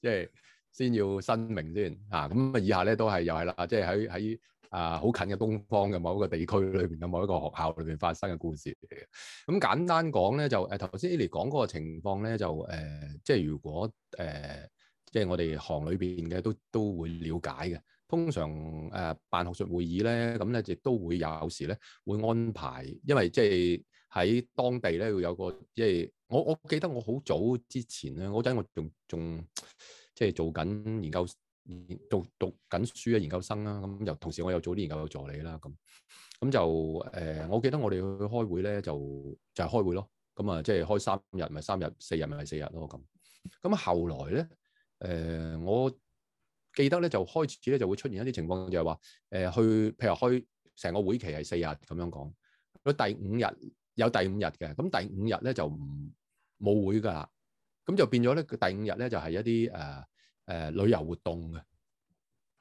即係先要申明先啊。咁、嗯、啊，以下咧都係又係啦，即係喺喺啊好近嘅東方嘅某一個地區裏邊嘅某一個學校裏邊發生嘅故事嚟嘅。咁、嗯、簡單講咧，就誒，頭先 a i l 講嗰個情況咧，就誒，即係如果誒、呃，即係我哋行裏邊嘅都都會了解嘅。通常誒、呃、辦學術會議咧，咁咧亦都會有時咧會安排，因為即係喺當地咧會有個即係、就是、我我記得我好早之前咧嗰陣我仲仲即係做緊研究，讀讀緊書嘅研究生啦、啊，咁又同時我有早啲研究有助理啦、啊，咁咁就誒、呃、我記得我哋去開會咧就就係、是、開會咯，咁啊即係開三日咪三日，四日咪四日咯咁。咁後來咧誒、呃、我。記得咧就開始咧就會出現一啲情況，就係話誒去譬如開成個會期係四日咁樣講，佢第五日有第五日嘅，咁、嗯、第五日咧就唔冇會噶啦，咁、嗯、就變咗咧第五日咧就係、是、一啲誒誒旅遊活動嘅。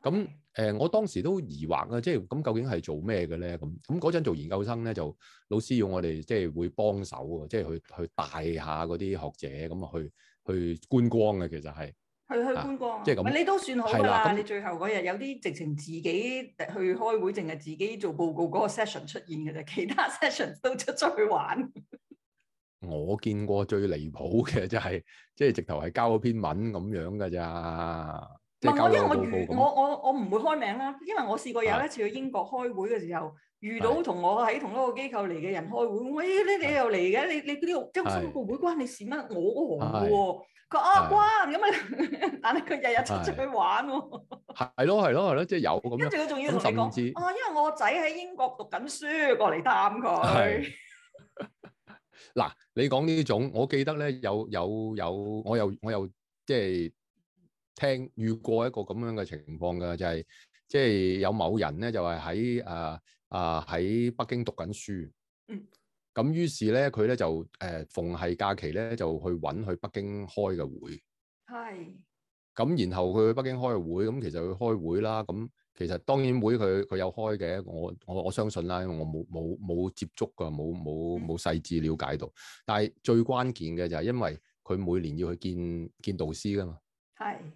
咁、嗯、誒、呃、我當時都疑惑啊，即係咁、嗯、究竟係做咩嘅咧？咁咁嗰陣做研究生咧，就老師要我哋即係會幫手啊，即係去去帶下嗰啲學者咁啊去去，去觀光嘅，其實係。去去觀光，即、啊係咁、你都算好噶啦。啊、你最後嗰日有啲直情自己去開會，淨係自己做報告嗰個 session 出現嘅啫，其他 session 都出出去玩。 我見過最離譜嘅就係、係，即、就、係、係、直頭係交咗篇文咁樣噶咋。唔係我因為我遇我我我唔會開名啦，因為我試過有一次去英國開會嘅時候，遇到同我喺同一個機構嚟嘅人開會，我咦？呢你又嚟嘅？你你嗰啲即係什麼會關你事咩？我個行嘅喎，佢啊關咁啊，但係佢日日出出去玩喎。係咯係咯係咯，即係有咁樣。甚至啊，跟住佢仲要同你講，因為我個仔喺英國讀緊書，過嚟探佢。嗱，你講呢種，我記得咧，有有有，我又我又即係。聽遇過一個咁樣嘅情況㗎，就係即係有某人咧，就係喺啊啊喺北京讀緊書。嗯，咁於是咧，佢咧就誒、呃、逢係假期咧就去揾去北京開嘅會。係咁、嗯，然後佢去北京開嘅會咁，其實佢開會啦。咁其實當然會佢佢有開嘅，我我我相信啦，因為我冇冇冇接觸㗎，冇冇冇細緻了解到。但係最關鍵嘅就係因為佢每年要去見見導師㗎嘛，係、嗯。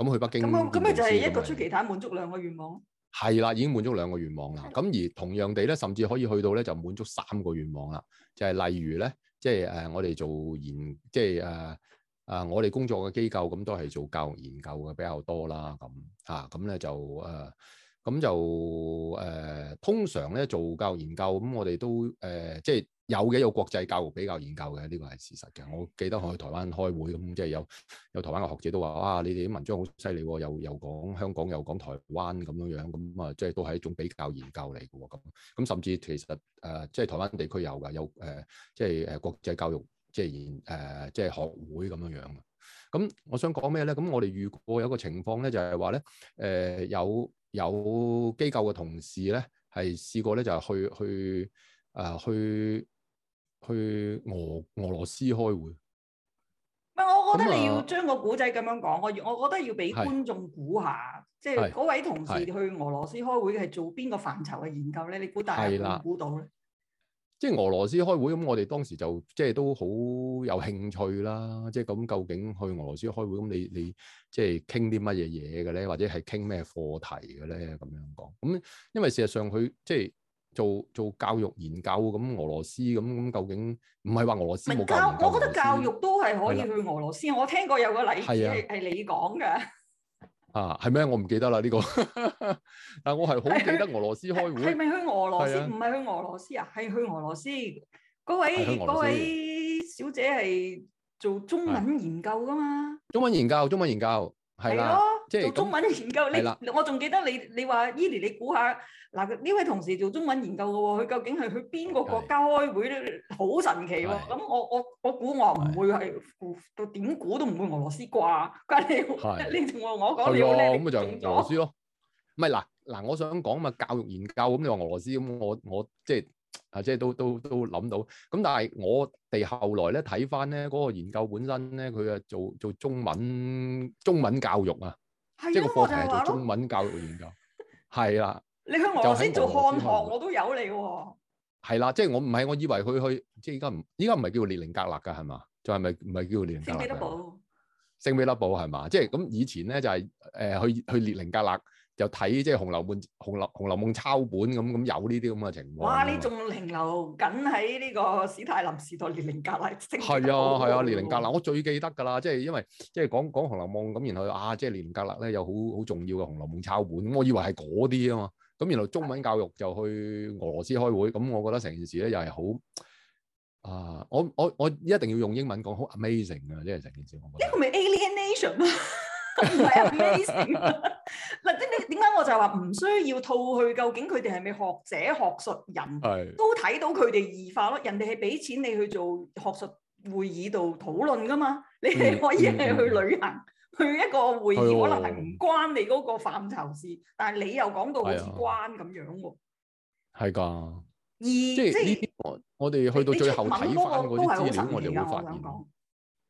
咁去北京咁咁咪就係一個出奇蛋滿足兩個願望。係啦，已經滿足兩個願望啦。咁的而同樣地咧，甚至可以去到咧就滿足三個願望啦。就係、是、例如咧，即係誒我哋做研，即係誒誒我哋工作嘅機構咁、嗯，都係做教育研究嘅比較多啦。咁嚇咁咧就誒，咁、呃嗯、就誒、呃、通常咧做教育研究咁、嗯，我哋都誒、呃、即係。有嘅有國際教育比較研究嘅，呢個係事實嘅。我記得我去台灣開會咁，即係有有台灣嘅學者都話：哇！你哋啲文章好犀利，又又講香港又講台灣咁樣樣，咁啊，即係都係一種比較研究嚟嘅喎。咁咁甚至其實誒，即係台灣地區有噶，有誒，即係誒國際教育即係研誒，即係學會咁樣樣嘅。咁我想講咩咧？咁我哋如果有一個情況咧，就係話咧，誒有有機構嘅同事咧，係試過咧，就係去去誒去。去俄俄羅斯開會，唔係，我覺得你要將個古仔咁樣講，我、啊、我覺得要俾觀眾估下，即係嗰位同事去俄羅斯開會係做邊個範疇嘅研究咧？你估大家會估到咧？即係俄羅斯開會咁，我哋當時就即係都好有興趣啦。即係咁，究竟去俄羅斯開會咁，你你即係傾啲乜嘢嘢嘅咧？或者係傾咩課題嘅咧？咁樣講，咁因為事實上佢即係。做做教育研究，咁俄羅斯咁咁，究竟唔係話俄羅斯冇教育研究？教我覺得教育都係可以去俄羅斯。我聽過有個例子係你講嘅。啊係咩？我唔記得啦呢個。但我係好記得俄羅斯開會。係咪去俄羅斯？唔係去俄羅斯啊？係去俄羅斯。嗰位嗰位小姐係做中文研究噶嘛？中文研究，中文研究係啦。做中文研究，你我仲記得你你，你話 Eli 你估下，嗱呢位同事做中文研究嘅，佢究竟係去邊個國家開會咧？好神奇喎！咁我我我估我唔會係，到點估都唔會俄羅斯啩？咁你你同我講你好叻，咁咪就俄羅斯咯。唔係嗱嗱，我想講嘛教育研究咁，你話俄羅斯咁，around, 我我即係啊，即係都都都諗到。咁但係我哋後來咧睇翻咧嗰個研究本身咧，佢啊做做中文中文教育啊。即係個課題係做中文教育研究，係啦 的。你去俄羅，羅斯做漢學，我都有你喎、哦。係啦，即係我唔係，我以為佢去，即係而家唔，而家唔係叫列寧格勒㗎，係嘛？仲係咪唔係叫列寧格勒？聖彼得堡，聖彼得堡係嘛？即係咁以前咧就係、是、誒、呃、去去列寧格勒。又睇即係《紅樓夢》《紅樓》《紅樓夢》抄本咁，咁有呢啲咁嘅情況。哇！以你仲停留緊喺呢個史泰林時代列寧格勒？係啊係啊，列寧格勒我最記得㗎啦，即係因為即係講講講《紅樓夢》咁，然後啊，即係列寧格勒咧有好好重要嘅《紅樓夢》抄本，咁我以為係嗰啲啊嘛。咁原來中文教育就去俄羅斯開會，咁的我覺得成件事咧又係好啊！我我我一定要用英文講，好 amazing 啊！即係成件事，我覺得呢個咪 alienation。 唔係 啊，咩意思？嗱，即你點解我就話唔需要套去？究竟佢哋係咪學者學術人？係的都睇到佢哋異化咯。人哋係俾錢你去做學術會議度討論㗎嘛？你哋可以係去旅行，嗯嗯、去一個會議的可能唔關你嗰個範疇事，但係你又講到好似關咁的樣喎、啊。係㗎的，而即係呢啲我哋去到最後睇翻嗰我哋會發現。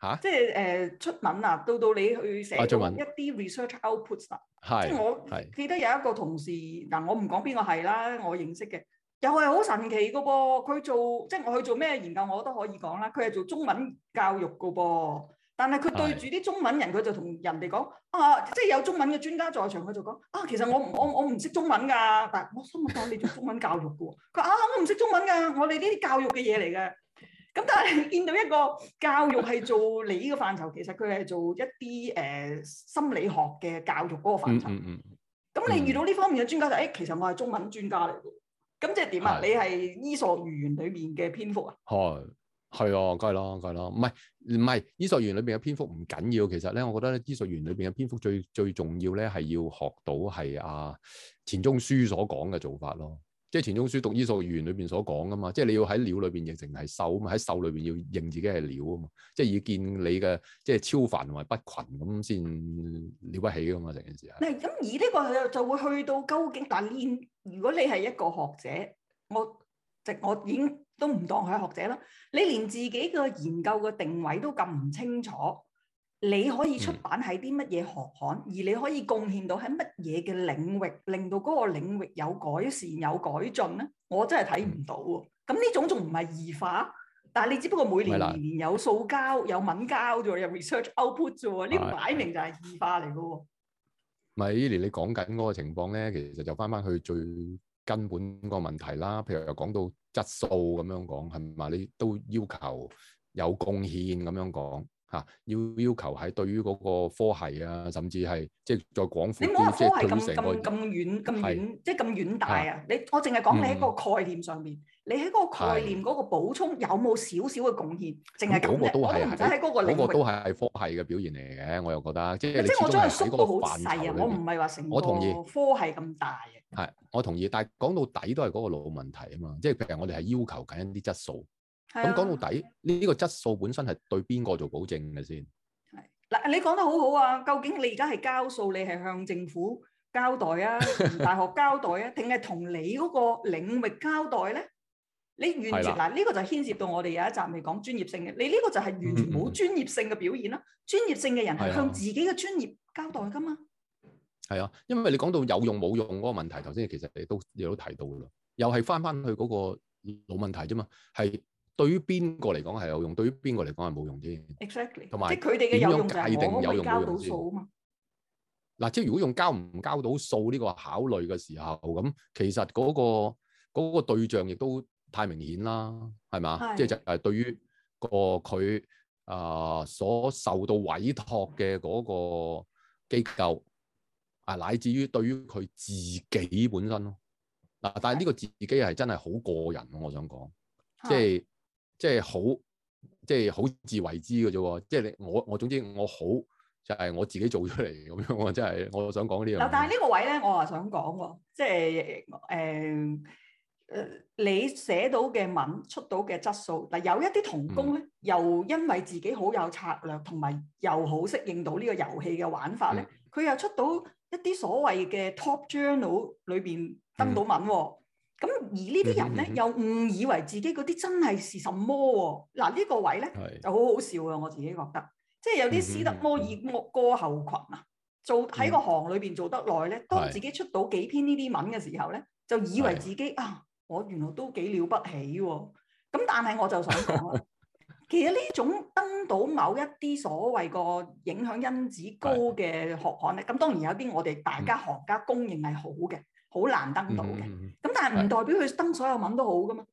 啊、即係誒、呃、出文啊，到到你去寫一啲 research outputs 啦、啊、係。即係我記得有一個同事嗱，我唔講邊個係啦，我認識嘅，又係好神奇嘅噃。佢做即係我去做咩研究，我都可以講啦。佢係做中文教育嘅噃，但係佢對住啲中文人，佢是就同人哋講啊，即係有中文嘅專家在場，佢就講啊，其實我我我唔識中文㗎，但係我心目中你做中文教育嘅喎，佢 啊我唔識中文㗎，我哋呢啲教育嘅嘢嚟嘅。咁但係你見到一個教育係做你呢個範疇，其實佢係做一啲誒、呃、心理學嘅教育嗰個範疇。咁、嗯嗯嗯、你遇到呢方面嘅專家就誒，嗯、其實我係中文專家嚟嘅，咁即係點啊？是你係伊索寓言裏面嘅蝙蝠啊？係係啊，梗係啦，梗係啦。唔係唔係伊索寓言裏面嘅蝙蝠唔緊要，其實咧，我覺得伊索寓言裏面嘅蝙蝠最最重要咧，係要學到係阿錢鍾書所講嘅做法咯。即係錢鍾書讀《伊索寓言》裏邊所講噶嘛，即係你要喺鳥裏邊認成係獸啊嘛，喺獸裏邊要認自己係鳥啊嘛，即係要見你嘅即係超凡同埋不群咁先了不起噶嘛，成件事啊。係咁，而呢個就會去到究竟，但係如果你係一個學者，我即我已經都唔當佢係學者啦。你連自己嘅研究嘅定位都咁唔清楚。你可以出版喺啲乜嘢學刊，嗯、而你可以貢獻到喺乜嘢嘅領域，令到嗰個領域有改善有改進咧？我真係睇唔到喎。咁呢、嗯、種仲唔係異化？但係你只不過每年年年有掃交、的有敏交啫，有 research output 啫呢、呢個擺明就係異化嚟嘅喎。咪 e l 你講緊嗰個情況咧，其實就翻翻去最根本個問題啦。譬如又講到質素咁樣講係咪？你都要求有貢獻咁樣講。嚇！要要求喺對於嗰個科系啊，甚至係即係再廣闊。你我科系咁咁咁遠咁遠，即係咁遠大啊！是你我淨係講你喺個概念上面，嗯、你喺個概念嗰個補充有冇少少嘅貢獻？淨係咁啫。嗰個都係，嗰個，個都係科系嘅表現嚟嘅、就是。我又覺得，即係你將佢縮到好細啊！我唔係話成我同意科系咁大。係，我同意。但係講到底都係嗰個老問題啊嘛！即係譬如我哋係要求緊一啲質素。咁講到底，呢、啊、個質素本身係對邊個做保證嘅先？係嗱，你講得好好啊！究竟你而家係交數，你係向政府交代啊，大學交代啊，定係同你嗰個領域交代咧？你完全嗱，呢、啊呢個就牽涉到我哋有一集未講專業性嘅。你呢個就係完全冇專業性嘅表現啦、啊。嗯嗯、專業性嘅人係向自己嘅專業交代噶嘛。係啊，因為你講到有用冇用嗰個問題，頭先其實你都你都提到啦，又係返返去嗰個老問題啫嘛，係。對於邊個嚟講係有用，對於邊個嚟講係冇用啫。Exactly，同埋佢哋嘅有用就係我唔可以交到數啊嘛。嗱，即係 如果用交唔交到數呢個考慮嘅時候，咁其實嗰、那個嗰、那個、對象亦都太明顯啦，係嘛？即係是就係對於個佢啊、呃、所受到委託嘅嗰個機構啊，乃至於對於佢自己本身咯嗱、啊，但係呢個自己係真係好過人，我想講即係。是即係好，即係好自為之嘅啫喎！即係你我我總之我好就係、是、我自己做出嚟咁樣，我真係我想講呢樣。但係呢個位咧，我啊想講喎，即係誒誒，你寫到嘅文出到嘅質素，嗱、呃、有一啲同工呢、嗯、又因為自己好有策略，同埋又好適應到呢個遊戲嘅玩法咧，佢、嗯、又出到一啲所謂嘅 top journal 裏邊登到文喎、哦。嗯嗯。咁而呢啲人咧，嗯嗯、又誤以為自己嗰啲真係是什麼喎、啊？嗱、啊、呢、這個位咧，是就好好笑啊。我自己覺得，即係有啲斯德哥爾摩症候群啊，嗯、做喺個行裏邊做得耐咧，當自己出到幾篇呢啲文嘅時候咧，是就以為自己是啊，我原來都幾了不起喎、啊。咁但係我就想講， 其實呢種登到某一啲所謂個影響因子高嘅學刊咧，咁是當然有啲我哋大家行家公認係好嘅。嗯好難登到嘅，咁、mm hmm. 但係唔代表佢登所有文都好㗎嘛。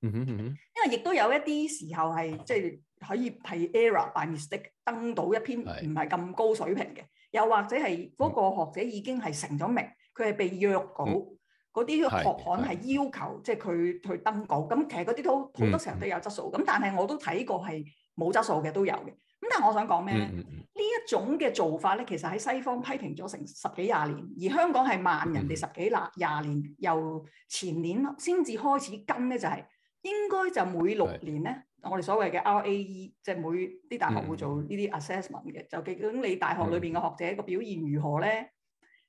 Mm hmm. 因為亦都有一啲時候係即係可以係 error by mistake 登到一篇唔係咁高水平嘅，mm hmm. 又或者係嗰、嗰個學者已經係成咗名，佢係被約稿，嗰啲、mm hmm. 學刊係要求、mm hmm. 即係佢去登稿。咁其實嗰啲都好多成日都有質素。咁、mm hmm. 但係我都睇過係冇質素嘅都有嘅。咁但係我想講咩咧？呢、嗯嗯、一種嘅做法咧，其實喺西方批評咗成十幾廿年，而香港係慢人哋十幾廿年，嗯、由前年先至開始跟咧、就係，就係應該就每六年咧，是我哋所謂嘅 RAE，即係每啲大學會做呢啲 assessment 嘅，嗯、就究竟你大學裏邊嘅學者個表現如何咧。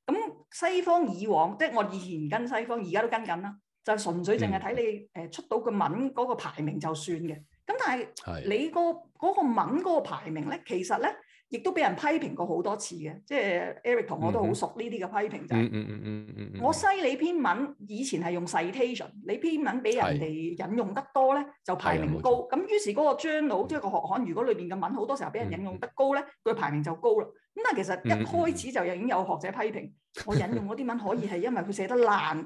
咁、嗯、西方以往即係我以前跟西方，而家都跟緊啦，就純粹淨係睇你誒出到個文嗰個排名就算嘅。嗯嗯咁但係你、嗰個文嗰個排名咧，其實咧亦都俾人批評過好多次嘅，即係 Eric 同我都好熟呢啲嘅批評就係、是，mm hmm. 我犀你篇文以前係用 citation，你篇、mm hmm. 文俾人哋引用得多咧，就排名高。咁的於是嗰個 journal、mm hmm. 即係個學刊，如果裏邊嘅文好多時候俾人引用得高咧，佢、mm hmm. 排名就高啦。咁但係其實一開始就已經有學者批評，mm hmm. 我引用嗰啲文可以係因為佢寫得爛。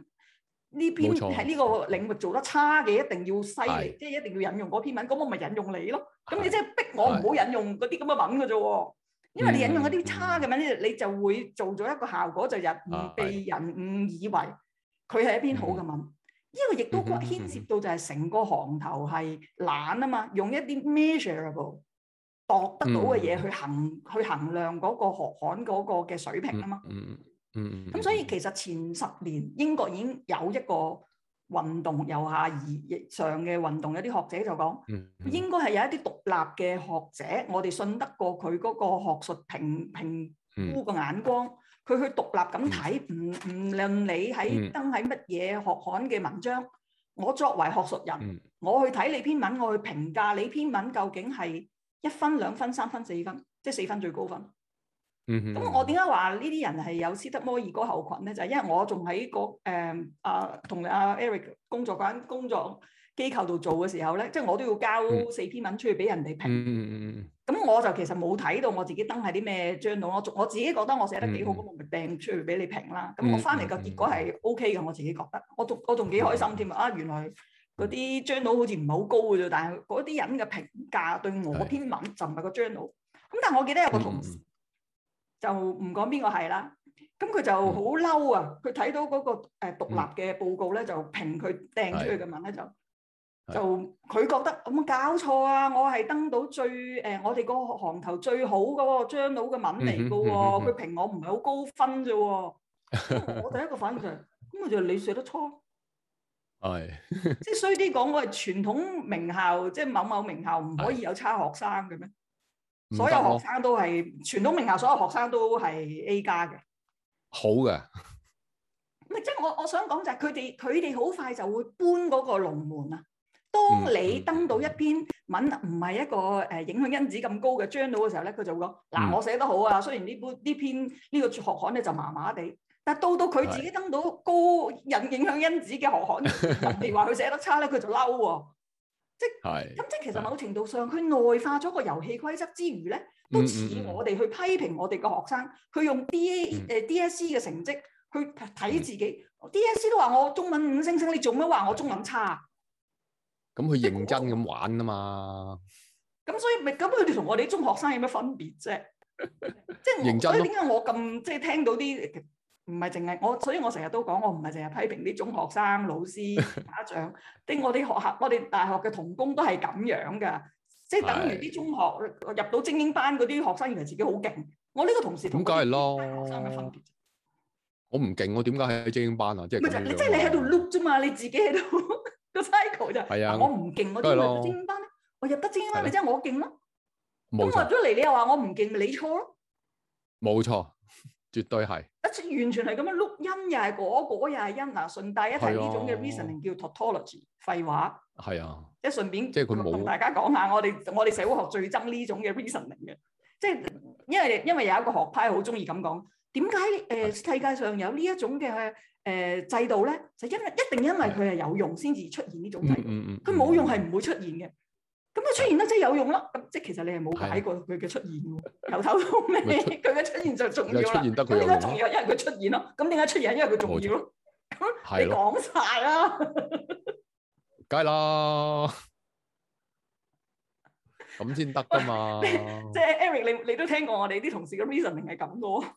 呢篇喺呢個領域做得差嘅，一定要犀利，是即係一定要引用嗰篇文。咁我咪引用你咯。咁是你即係逼我唔好引用嗰啲咁嘅文嘅啫喎。因為你引用嗰啲差嘅文，你、嗯、你就會做咗一個效果，就係唔被人誤、啊、以為佢係一篇好嘅文。呢、嗯、個亦都牽涉到就係成個行頭係懶啊嘛，用一啲 measurable 度得到嘅嘢去衡、嗯、去衡量嗰個學行嗰個嘅水平啊嘛。嗯嗯嗯。嗯，咁、嗯、所以其實前十年英國已經有一個運動由下而上嘅運動，有啲學者就講，嗯嗯、應該係有一啲獨立嘅學者，我哋信得過佢嗰個學術評評估個眼光，佢、嗯、去獨立咁睇，唔唔、嗯、論你喺、嗯、登喺乜嘢學刊嘅文章，我作為學術人，嗯、我去睇你篇文，我去評價你篇文究竟係一分兩分，兩分三分四分，即係四分最高分。咁、嗯、我點解話呢啲人係有斯德哥爾摩症候群咧？就係、是、因為我仲喺個誒啊同阿 Eric 工作嗰間工作機構度做嘅時候咧，即係我都要交四篇文出去俾人哋評。咁、嗯、哼我就其實冇睇到我自己登係啲咩 journal 咯。我我自己覺得我寫得幾好，咁、嗯、哼我咪掟出去俾你評啦。咁我翻嚟嘅結果係 O K 嘅，我自己覺得我仲我仲幾開心添啊！原來嗰啲 journal 好似唔係好高啫，但係嗰啲人嘅評價對我篇文就唔係個 journal。咁對但係我記得有個同事。就唔講邊個係啦，咁佢就好嬲啊！佢睇到嗰、那個誒獨立嘅報告咧，嗯、就評佢掟出去嘅文咧，是就就佢覺得咁、嗯、搞錯啊！我係登到最誒、呃，我哋個行頭最好嗰個章到嘅文嚟噶喎，佢評、嗯嗯嗯、我唔係好高分啫喎、哦。 我第一個反應就係、係，咁咪就你寫得差，係、哎、 即衰啲講，我係傳統名校，即某某名校，唔可以有差學生嘅咩？所有學生都係傳統名校，所有學生都係 A 加嘅，好嘅的。唔係，即係我我想講就係佢哋，佢哋好快就會搬嗰個龍門啊。當你登到一篇文唔係、嗯嗯、一個誒影響因子咁高嘅 journal 嘅時候咧，佢就會講：嗱、嗯，我寫得好啊，雖然呢本呢篇呢、這個學刊咧就麻麻地，但係到到佢自己登到高引影響因子嘅學刊， 人哋話佢寫得差咧，佢就嬲喎、啊。即係咁，是即係其實某程度上，佢是內化咗個遊戲規則之餘咧，都似我哋去批評我哋嘅學生，佢、嗯、用 D A 誒、嗯、D S C 嘅成績去睇自己 S、嗯、S，D S C 都話我中文五星星，你做咩話我中文差、啊？咁佢認真咁玩啊嘛！咁所以咪咁佢哋同我哋中學生有咩分別啫 我？即係認真，所以點解我咁即係聽到啲？唔係淨係我，所以我成日都講，我唔係淨係批評啲中學生老師家長。即我哋學校，我哋大學嘅同工都係咁樣噶，即係等於啲中學入到精英班嗰啲學生，原來自己好勁。我呢個同事，咁梗係咯，學生嘅分別。我唔勁，我點解喺精英班啊？即係你即係你喺度 look 啫嘛，你自己喺度個 cycle 就係啊，我唔勁，我點解入精英班咧？我入得精英班，咪即係我勁咯。冇。咁入咗嚟，你又話我唔勁，咪你錯咯。冇錯。絕對係，啊，完全係咁樣，因，又係果，果又係因。嗱，順帶一提呢種嘅 reasoning、啊、叫 tautology，廢話。係啊，即係順順便即，即係佢冇同大家講下，我哋我哋社會學最憎呢種嘅 reasoning 嘅，即係因為因為有一個學派好中意咁講，點解誒世界上有呢一種嘅誒、呃、制度咧？就因為一定因為佢係有用先至出現呢種制度，佢冇、嗯嗯嗯嗯、用係唔會出現嘅。咁咪出現咯，真係有用咯。咁即係其實你係冇解過佢嘅出現喎，由頭到尾佢嘅出現就重要啦。出現得佢有用，點解重要？因為佢出現咯。咁點解出現？因為佢重要咯。咁你講晒啦，梗係啦，咁先得㗎嘛。即係 Eric，你你都聽過我哋啲同事嘅 reasoning 係咁㗎喎。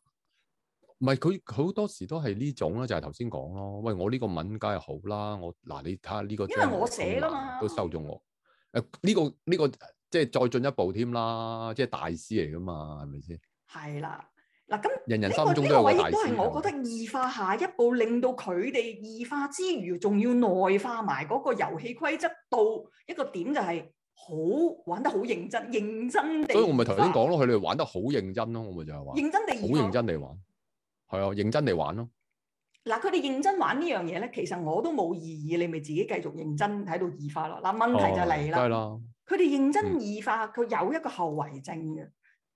唔係佢好多時都係呢種啦，就係頭先講咯。喂，我呢個文梗係好啦，我嗱你睇下呢個，因為我寫啦嘛，都收咗我。誒，呢、這個呢、這個即係再進一步添啦，即係大師嚟噶嘛，係咪先？係啦，嗱咁人人心中、這個這個、都有大師。呢都係我覺得異化下一步，令到佢哋異化之餘，仲要內化埋嗰個遊戲規則到一個點、就是，就係好玩得好認真，認真地認真。所以我咪頭先講咯，佢哋玩得好認真咯，我咪就係話。認真地玩，好認真地玩，係啊，認真地玩咯。嗱，佢哋認真玩呢樣嘢咧，其實我都冇意義，你咪自己繼續認真喺度異化咯。嗱，問題就嚟啦，佢哋、哦、認真異化，佢、嗯、有一個後遺症嘅。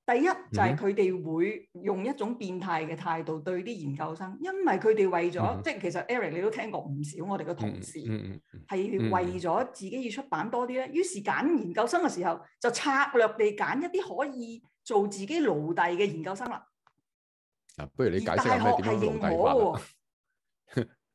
第一就係佢哋會用一種變態嘅態度對啲研究生，因為佢哋為咗、嗯、即係其實 Eric 你都聽過唔少我哋嘅同事係、嗯嗯嗯、為咗自己要出版多啲咧，於是揀研究生嘅時候就策略地揀一啲可以做自己奴隸嘅研究生啦。嗱，不如你解釋下點樣奴隸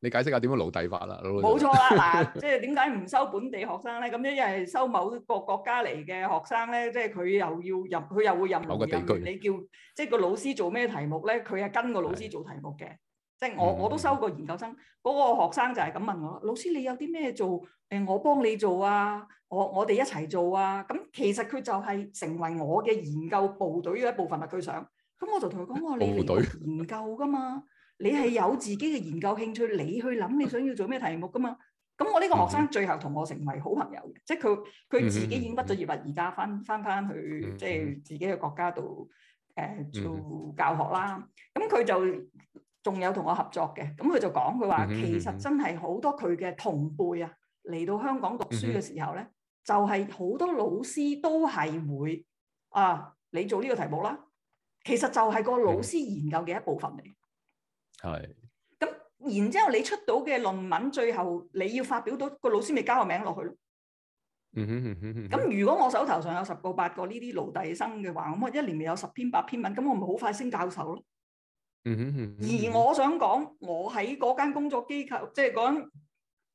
你解釋下點樣老底法啦？冇錯啦，嗱，即係點解唔收本地學生咧？咁樣因為收某個國家嚟嘅學生咧，即係佢又要入，佢又會任由你叫，即係個老師做咩題目咧，佢係跟個老師做題目嘅。的即係我我都收過研究生，嗰、嗯、個學生就係咁問我，老師，你有啲咩做？誒，我幫你做啊！我我哋一齊做啊！咁其實佢就係成為我嘅研究部隊嘅一部分佢想。咁我就同佢講：我係研究㗎嘛。你係有自己嘅研究興趣，你去諗你想要做咩題目噶嘛？咁我呢個學生最後同我成為好朋友，即係佢佢自己已經畢咗業，物而家翻翻翻去即係、就是、自己嘅國家度誒、呃、做教學啦。咁佢就仲有同我合作嘅。咁佢就講佢話，其實真係好多佢嘅同輩啊嚟到香港讀書嘅時候咧，就係、是、好多老師都係會啊，你做呢個題目啦。其實就係個老師研究嘅一部分嚟。.係，咁、嗯、然之後你出到嘅論文，最後你要發表到個老師咪交個名落去咯、嗯。嗯哼嗯哼哼，咁如果我手頭上有十個八個呢啲奴隸生嘅話，咁我一年未有十篇八篇文，咁我咪好快升教授咯、嗯。嗯哼，嗯哼，而我想講，我喺嗰間工作機構，即係講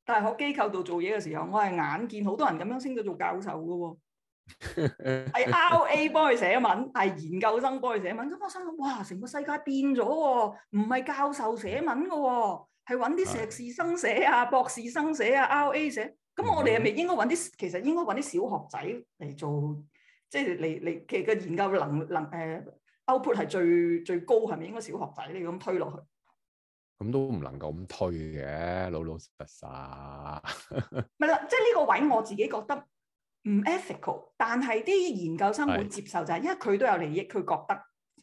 大學機構度做嘢嘅時候，我係眼見好多人咁樣升咗做教授噶、哦。係 R. A. 幫佢寫文，係研究生幫佢寫文。咁我心諗，哇！成個世界變咗，唔係教授寫文嘅，係搵啲碩士生寫啊，博士生寫啊，R. A. 寫。咁我哋係咪應該搵啲？其實應該搵啲小學仔嚟做，即係你嚟，其實個研究能能誒、呃，output 係最最高，係咪應該小學仔嚟？咁推落去，咁都唔能夠咁推嘅，老老實實。咪啦，即係呢個位，我自己覺得。唔 ethical，但係啲研究生會接受就係，因為佢都有利益，佢的覺得，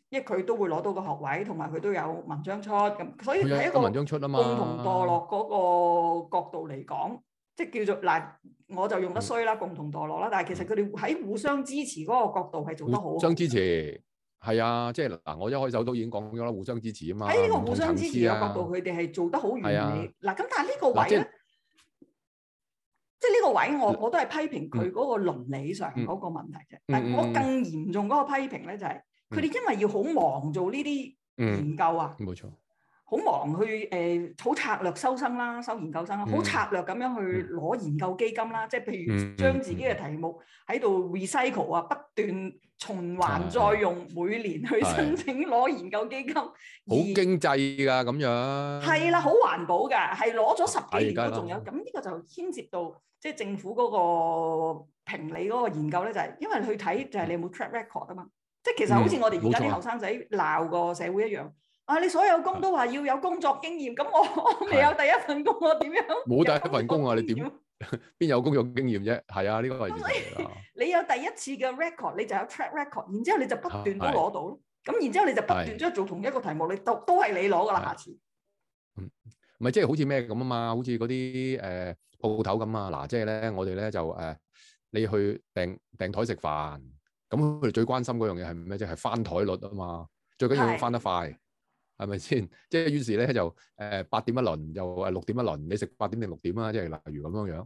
因為佢都會攞到個學位，同埋佢都有文章出。咁，所以喺一個共同墮落嗰個角度嚟講，講，即係叫做嗱，我就用得衰啦，共同墮落啦。但係其實佢哋喺互相支持嗰個角度係做得好互。互相支持係啊，即係嗱，我一開手都已經講咗啦，互相支持啊嘛。喺呢個互相支持嘅角度，佢哋係做得好完美。嗱的，咁但係呢個位咧。呢個位我我都係批評佢個倫理上個問題啫，但係我更嚴重個批評咧就係、係，佢哋因為要好忙做呢啲研究啊，冇、嗯嗯、錯。好忙去誒，好策略收生啦，收研究生啦，好策略咁樣去攞研究基金啦，即係譬如將自己嘅題目喺度 recycle 啊，不斷循環再用，每年去申請攞研究基金，好經濟㗎咁樣。係啦，好環保㗎，係攞咗十幾年都仲有，咁呢個就牽涉到即係政府嗰個評理嗰個研究咧，就係因為去睇就係你有冇 track record 啊嘛，即係其實好似我哋而家啲後生仔鬧個社會一樣。啊！你所有工都話要有工作經驗，咁的我未有第一份工，的我點樣？冇第一份工啊！你點邊有工作經驗啫？係啊， 呢個係。咁你有第一次嘅 record，你就有 track record，然之後你就不斷都攞到咯。咁的然之後你就不斷即係的做同一個題目，都都你都都係你攞㗎啦。下次。嗯，咪即係好似咩咁啊嘛？好似嗰啲誒鋪頭咁啊嗱，即係咧我哋咧就誒，你去訂訂台食飯，咁佢最關心嗰樣嘢係咩啫？就係翻台率啊嘛，最緊要翻得快。係咪先？即係於是咧就誒八點一輪，又誒六點一輪。你食八點定六點啊？即係例如咁樣樣。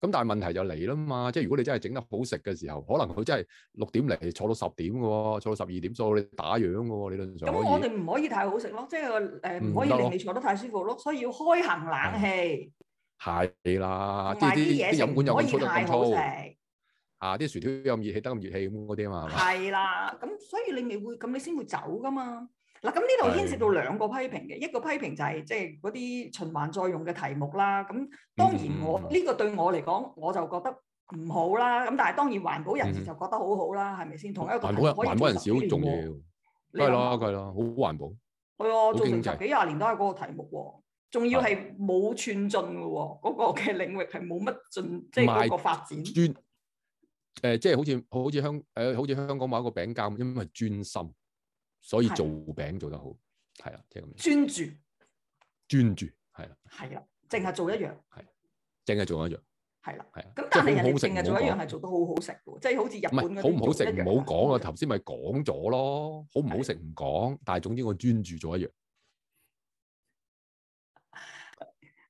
咁但係問題就嚟啦嘛。即係如果你真係整得好食嘅時候，可能佢真係六點嚟坐到十點嘅喎，坐到十二點坐到你打烊嘅喎，理論上可以。咁我哋唔可以太好食咯，即係誒唔可以令你坐得太舒服咯，所以要開行冷氣。係啦。賣啲嘢食可以坐，賣好食。好啊！啲薯條又咁熱氣，得咁熱氣咁嗰啲啊嘛。係啦，咁所以你咪會咁，你先會走噶嘛。嗱，咁呢度牽涉到兩個批評嘅，的一個批評就係即係嗰啲循環再用嘅題目啦。咁當然我呢、嗯、個對我嚟講，我就覺得唔好啦。咁、嗯、但係當然環保人士就覺得好好啦，係咪先？同一個題環保人士好重要，係咯係咯，好環保。係喎的，做成十幾廿年都係嗰個題目喎，仲要係冇寸進嘅喎，嗰、那個嘅領域係冇乜進即係嗰個發展專。誒、呃，即、就、係、是、好似好似香誒，好似香港某一個餅乾，因為專心。所以做餅做得好，係啦，即係咁專注，專注係啦，係啦，淨係做一樣，係淨係做一樣，係啦，係。咁但係好食。淨做一樣係做得好好食嘅，即係好似日本嗰，好唔好食唔好講啊，頭先咪講咗咯，好唔好食唔講，但係總之我專注做一樣。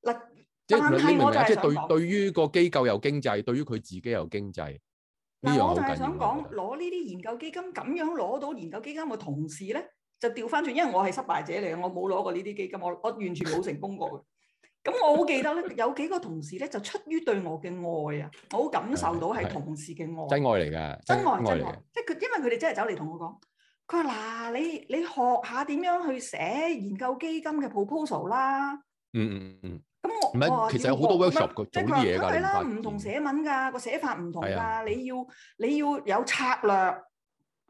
嗱，你明唔明？即係對對於個機構有經濟，對於佢自己有經濟。嗱，我就係想講攞呢啲研究基金咁樣攞到研究基金嘅同事咧，就調翻轉，因為我係失敗者嚟嘅，我冇攞過呢啲基金，我我完全冇成功過嘅。咁我好記得咧，有幾個同事咧就出於對我嘅愛啊，我好感受到係同事嘅愛，真愛嚟㗎，真愛真愛，即係佢因為佢哋真係走嚟同我講，佢話嗱，你你學下點樣去寫研究基金嘅 proposal 啦，嗯嗯嗯。咁我哇，其實有好多 workshop 個做啲嘢唔同寫文㗎，個寫法唔同㗎，你要你要有策略，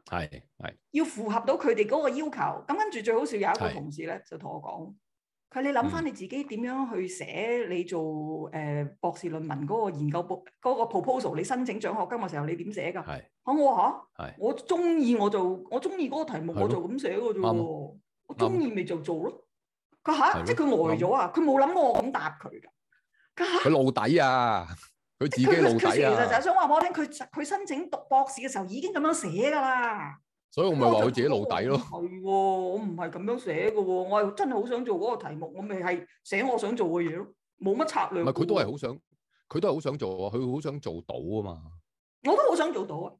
係係，要符合到佢哋嗰個要求。咁跟住最好笑有一個同事咧就同我講：佢你諗翻你自己點樣去寫你做誒博士論文嗰個研究部嗰個 proposal，你申請獎學金嘅時候你點寫㗎？係，嚇我嚇，我中意我就我中意嗰個題目我就咁寫㗎啫喎，我中意咪就做咯。佢嚇，即係佢呆咗啊！佢冇諗過我咁答佢噶，佢露底啊！佢自己露底啊！其實就係想話俾我聽，佢佢申請讀博士嘅時候已經咁樣寫㗎啦。所以我咪話佢自己露底咯。係喎，我唔係咁樣寫嘅喎，我係真係好想做嗰個題目，我咪係寫我想做嘅嘢咯，冇乜策略。唔係佢都係好想，佢都係好想做啊！佢好想做到啊嘛。我都好想做到啊。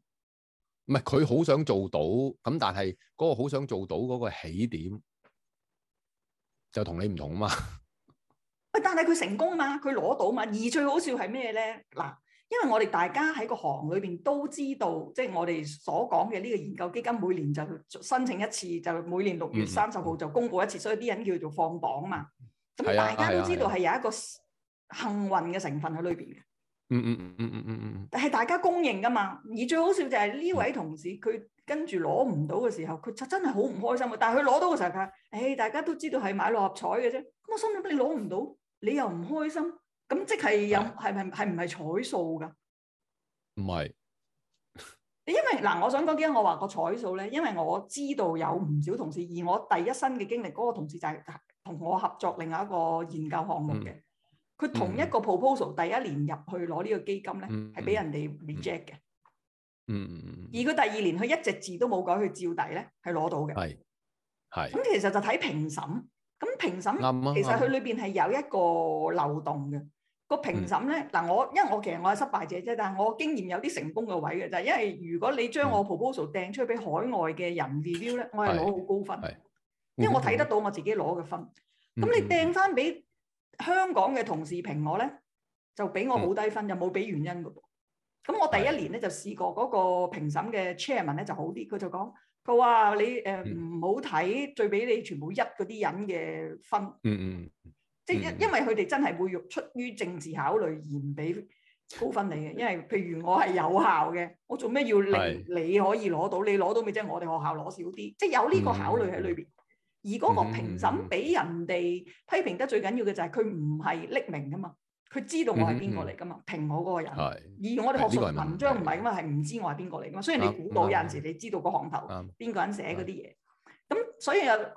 唔係佢好想做到，咁但係嗰個好想做到嗰個起點，就同你唔同啊嘛，喂！但係佢成功啊嘛，佢攞到嘛。而最好笑係咩咧？嗱，因為我哋大家喺個行裏邊都知道，即係我哋所講嘅呢個研究基金，每年就申請一次，就每年六月三十號就公布一次，嗯、所以啲人叫做放榜啊嘛。咁大家都知道係有一個幸運嘅成分喺裏邊嘅。嗯嗯嗯嗯嗯嗯，但係大家公認噶嘛？而最好笑就係呢位同事，佢、嗯、跟住攞唔到嘅時候，佢就真係好唔開心啊！但係佢攞到嘅時候，佢、欸、誒大家都知道係買六合彩嘅啫。咁我心諗你攞唔到，你又唔開心，咁即係有係咪係唔係彩數噶？唔係是，因為嗱，我想講嘅我話個彩數咧，因為我知道有唔少同事，而我第一身嘅經歷嗰、那個同事就係同我合作另外一個研究項目嘅。嗯佢同一個 proposal，第一年入去攞呢個基金咧，係俾、嗯、人哋 reject 嘅。嗯嗯嗯而佢第二年，佢一隻字都冇改，去照底咧，係攞到嘅。係係。咁其實就睇評審。咁評審其實佢裏邊係有一個漏洞嘅。嗯嗯、個評審咧，嗱我因為我其實我係失敗者啫，但係我經驗有啲成功嘅位嘅就啫。因為如果你將我 proposal 掟出去俾海外嘅人 review 咧、嗯，我係攞好高分。因為我睇得到我自己攞嘅分。咁你掟翻俾？嗯嗯嗯香港嘅同事評我咧，就俾我好低分，嗯、又冇俾原因嘅。咁我第一年咧就試過嗰個評審嘅 chairman 咧就好啲，佢就講，佢話你誒唔好睇最俾你全部一嗰啲人嘅分，嗯嗯，即係因因為佢哋真係會用出於政治考慮而唔俾高分你嘅，因為譬如我係有效嘅，我做咩要令你可以攞到？嗯、你攞到咪即係我哋學校攞少啲？即係有呢個考慮喺裏邊。嗯而嗰個評審俾人哋批評得最緊要嘅就係佢唔係匿名噶嘛，佢知道我係邊個嚟噶嘛，評我嗰個人。的而我哋學術文章唔係咁啊，係唔的知我係邊個嚟噶嘛。雖然你估到有陣時你知道個行頭邊、嗯、個人寫嗰啲嘢，咁、嗯、所以嗰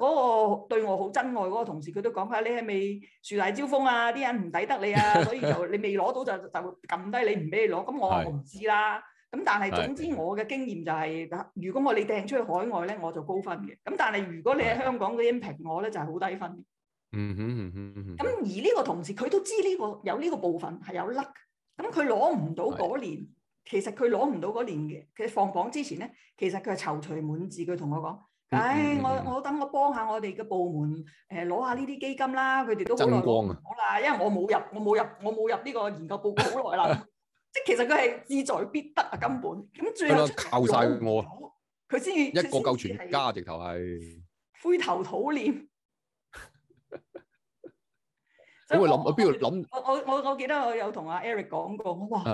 個對我好珍愛嗰個同事佢都講吓你係咪樹大招風啊？啲人唔抵得你啊，所以就你未攞到就就撳低你唔俾你攞。咁我話我唔知啦。咁但係總之我嘅經驗就係、是，如果我你掟出去海外咧，我就高分嘅。咁但係如果你喺香港嗰啲評我咧，就係好低分嘅。嗯哼嗯嗯咁而呢個同事佢都知呢、這個有呢個部分係有 luck。咁佢攞唔到嗰年，其實佢攞唔到嗰年嘅。佢放榜之前咧，其實佢係躊躇滿志。佢同我講：，唉、哎，我我等我幫下我哋嘅部門，誒、呃、攞下呢啲基金啦。佢哋都好耐光啊，因為我冇入，我冇入，我冇入呢個研究報告好耐啦。 即其實佢係志在必得啊，根本咁最靠晒我，佢先至一個夠全家，直頭係灰頭土臉。邊度諗？邊度諗？我我我記得我有同阿 Eric 講過，我話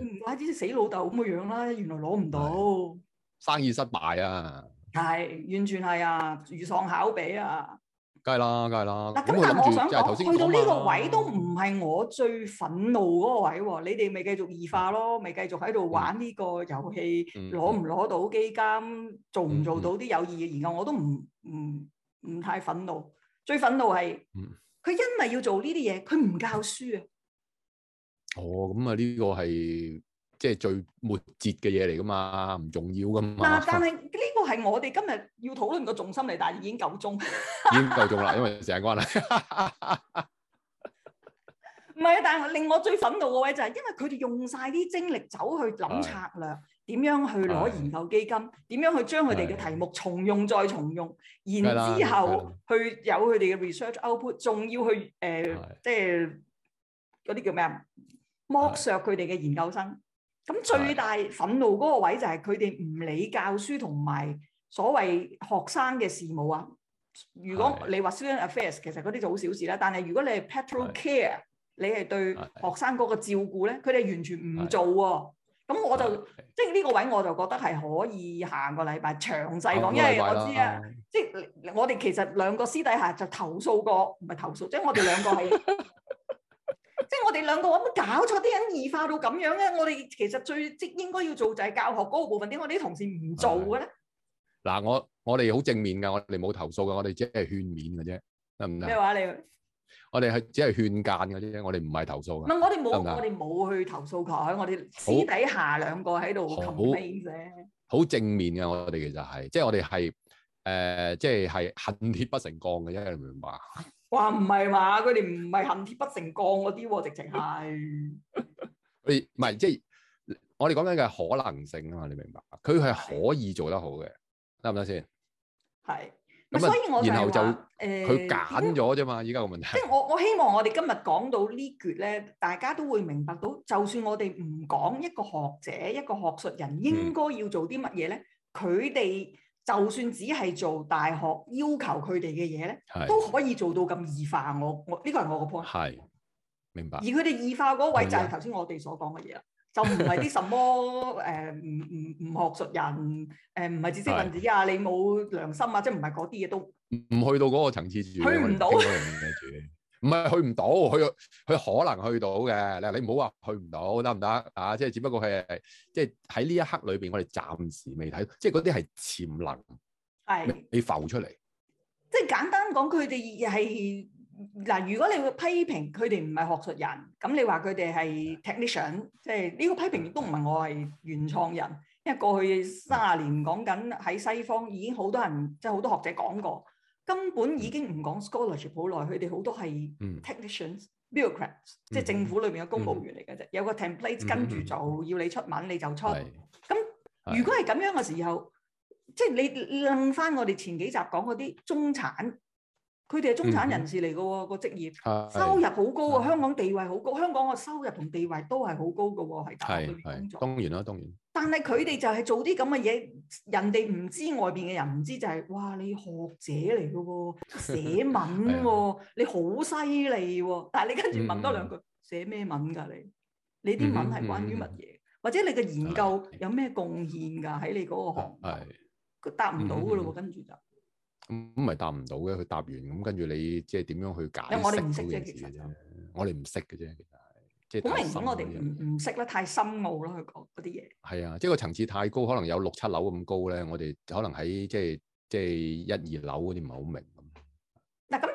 唔怪之死老豆咁嘅樣啦，原來攞唔到生意失敗啊，係完全係啊，如喪考妣啊！梗係啦，梗係啦。咁對 140、啊、但係我，我想講，頭先、去到呢個位都唔係我最憤怒嗰個位喎、啊。你哋咪繼續異化咯，咪、嗯、繼續喺度玩呢個遊戲，攞唔攞到基金，嗯、做唔做到啲有意義嘅研究，我都唔唔唔太憤怒。最憤怒係，佢、嗯、因為要做呢啲嘢，佢唔教書啊。哦，咁啊，呢個係。即係最末節嘅嘢嚟噶嘛，唔重要噶嘛。嗱、啊，但係呢個係我哋今日要討論個重心嚟，但係已，已經夠鐘，已經夠鐘啦，因為時間關係。唔係啊，但係令我最憤怒嘅位就係，因為佢哋用晒啲精力走去諗策略，點的樣去攞研究基金，點的樣去將佢哋嘅題目重用再重用，的然之後去有佢哋嘅 research output，仲要去誒，即係嗰啲叫咩啊？剝削佢哋嘅研究生。咁最大憤怒嗰個位就係佢哋唔理教書同埋所謂學生嘅事務啊！如果你話 student affairs，其實嗰啲就好小事啦。但係如果你係 pastoral care，的你係對學生嗰個照顧咧，佢哋完全唔做喎。咁的我就的即係呢個位，我就覺得係可以下個禮拜詳細講，嗯、因為我知啊，即係我哋其實兩個私底下就投訴過，唔係投訴，即係我哋兩個係。 即係我哋兩個，我點解搞錯啲人異化到咁樣咧？我哋其實最即係應該要做就係教學嗰個部分，點解我哋啲同事唔做嘅咧？嗱，我我哋好正面㗎，我哋冇投訴㗎，我哋只係勸勉嘅啫，得唔得？咩話你？我哋係只係勸諫嘅啫，我哋唔係投訴㗎。唔係我哋冇，我哋冇去投訴佢，我哋私底下兩個喺度 complain 啫。好正面嘅，我哋其實係，即係我哋係誒，即係係恨鐵不成鋼嘅，你明唔明白？話唔係嘛，佢哋唔係恨鐵不成鋼嗰啲，直情係。你唔係即係，我哋講緊嘅可能性啊嘛，你明白？佢係可以做得好嘅，得唔得先？係咁啊。所以我，然後就，誒，佢揀咗啫嘛。依家個問題，即係我我希望我哋今日講到呢橛咧，大家都會明白到，就算我哋唔講一個學者、一個學術人應該要做啲乜嘢咧，佢哋。就算只係做大學要求佢哋嘅嘢咧，是都可以做到咁易化我。我、這個、我呢個係我個 point。係，明白。而佢哋易化嗰位就係頭先我哋所講嘅嘢啦， 就唔係啲什麼誒唔唔唔學術人，誒唔係知識分子啊，是你冇良心啊，即係唔係嗰啲嘢都唔去到嗰個層次。去唔到。 唔係去唔到，去佢可能去到嘅。你你唔好話去唔到得唔得啊？即係只不過係即係喺呢一刻裏邊，我哋暫時未睇，即係嗰啲係潛能，係你是浮出嚟。即係簡單講，佢哋係嗱，如果你會批評佢哋唔係學術人，咁你話佢哋係 technician，即係呢個批評亦都唔係我係原創人，因為過去三十年講緊喺西方已經好多人，即係好多學者講過。根本已經唔講 scholarship 好耐，佢哋好多係 technicians、mm.、bureaucrats，mm. 即係政府裏邊嘅公務員嚟嘅啫。Mm. 有個 template 跟住就，mm hmm. 要你出文，你就出。咁是如果係咁樣嘅時候，是即係你楞翻我哋前幾集講嗰啲中產。佢哋係中產人士嚟嘅喎，個職業收入好高啊，香港地位好高，香港個收入同地位都係好高嘅喎，喺大學裏邊工作。當然啦，當然。但係佢哋就係做啲咁嘅嘢，人哋唔知外邊嘅人唔知就係，哇！你學者嚟嘅喎，寫文喎，你好犀利喎，但係你跟住問多兩句，寫咩文㗎你？你啲文係關於乜嘢？或者你嘅研究有咩貢獻㗎？喺你嗰個行業，係佢答唔到嘅咯喎，跟住就。咁咪答唔到嘅，佢答完咁，跟住你即係點樣去搞？解釋呢件事咧？我哋唔識嘅啫，其實，即係好明顯，我哋唔唔識咯，太深奧咯，佢講嗰啲嘢。係啊，即係個層次太高，可能有六七樓咁高咧。我哋可能喺即係即係一二樓嗰啲唔係好明。嗱咁，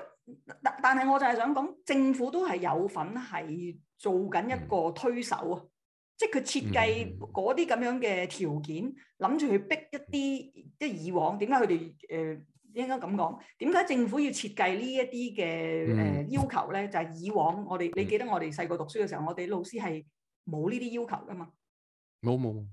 但但係我就係想講，政府都係有份係做緊一個推手啊，嗯、即係佢設計嗰啲咁樣嘅條件，諗住去逼一啲，即係以往點解佢哋誒？應該咁講，點解政府要設計呢一啲嘅誒要求咧？就係、是、以往我哋，嗯、你記得我哋細個讀書嘅時候，我哋老師係冇呢啲要求噶嘛？冇冇，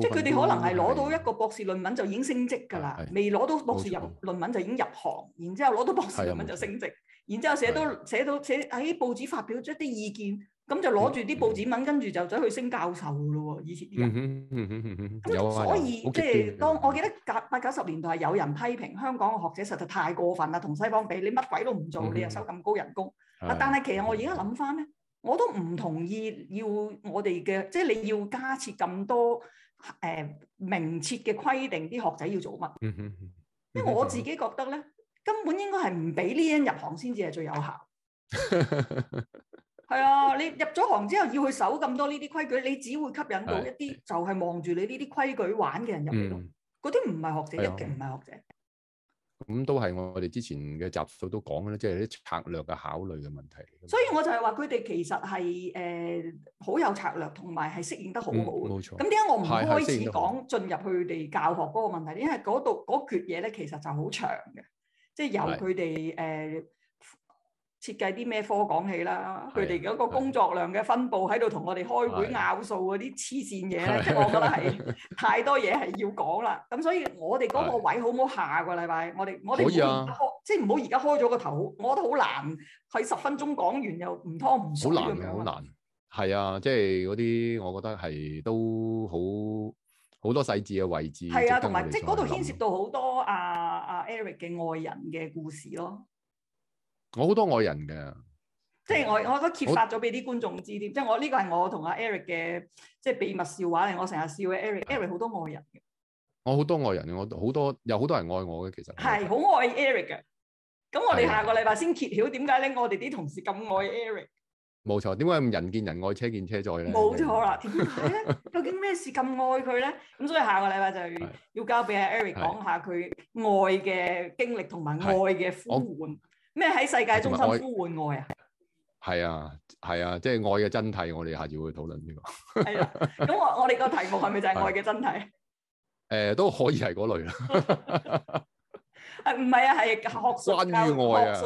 即係佢哋可能係攞到一個博士論文就已經升職㗎啦，未攞到博士錯入論文就已經入行，然之後攞到博士論文就升職，然之後寫到的寫到寫到寫喺報紙發表咗一啲意見。咁就攞住啲報紙文，嗯、跟住就走去升教授咯喎！以前啲人，所以即係、嗯、當我記得八九十年代係有人批評香港嘅學者實在太過分啦，同西方比，你乜鬼都唔做，嗯、哼你又收咁高人工。啊、嗯哼！但係其實我而家諗翻咧，我都唔同意要我哋嘅，即、就、係、是、你要加設咁多誒、呃、明確嘅規定，啲學者要做乜？嗯嗯、因為我自己覺得咧，根本應該係唔俾呢啲入行先至係最有效。 係啊，你入咗行之後，要去守咁多呢啲規矩，你只會吸引到一啲的就係望住你呢啲規矩玩嘅人入嚟咯。嗰啲唔係學者，的一定唔係學者。咁、嗯、都係我哋之前嘅集數都講啦，即係啲策略嘅考慮嘅問題。所以我就係話佢哋其實係誒、呃、好有策略，同埋係適應得好好。冇、嗯、錯。咁點解我唔開始講進入佢哋教學嗰個問題？因為嗰度嗰橛嘢咧，那個、其實就好長嘅，即、就、係、是、由佢哋誒。設計啲咩科講起啦？佢哋嗰個工作量嘅分佈喺度，同我哋開會拗數嗰啲黐線嘢咧，的即係我覺得係是的 太多嘢係要講啦。咁的所以我哋嗰個位好唔好？下個禮拜我哋我哋可以即係唔好而家開咗、就是、個頭，我覺得好難，喺十分鐘講完又唔拖唔縮。好難，難，好難。係啊，即係嗰啲，我覺得係都好好多細節嘅位置。係啊的，同埋及即係嗰度牽涉到好多阿阿 Eric 嘅愛人嘅故事咯。我好多愛人嘅，即係我我都揭發咗俾啲觀眾知添好、這個，即係我呢個係我同阿 Eric 嘅即係秘密笑話嚟，我成日笑嘅 Eric，Eric 的好多愛人嘅。我好多愛人嘅，我好多有好多人愛我嘅，其實係好的愛 Eric 嘅。咁我哋下個禮拜先揭曉點解咧？我哋啲同事咁愛 Eric，冇錯。點解咁人見人愛，車見車載咧？冇錯啦，點解咧？究竟咩事咁愛佢咧？咁所以下個禮拜就要交俾阿 Eric 講的下佢愛嘅經歷同埋的愛嘅呼喚。咩喺世界中心呼喚愛啊？係、哎、愛啊，係啊，即係、啊就是、愛嘅真諦。我哋下次會討論呢、這個。係啦、啊，咁我我哋個題目係咪就係愛嘅真諦？誒、呃、都可以係嗰類啦。唔 係 啊，係學術機構、啊、學,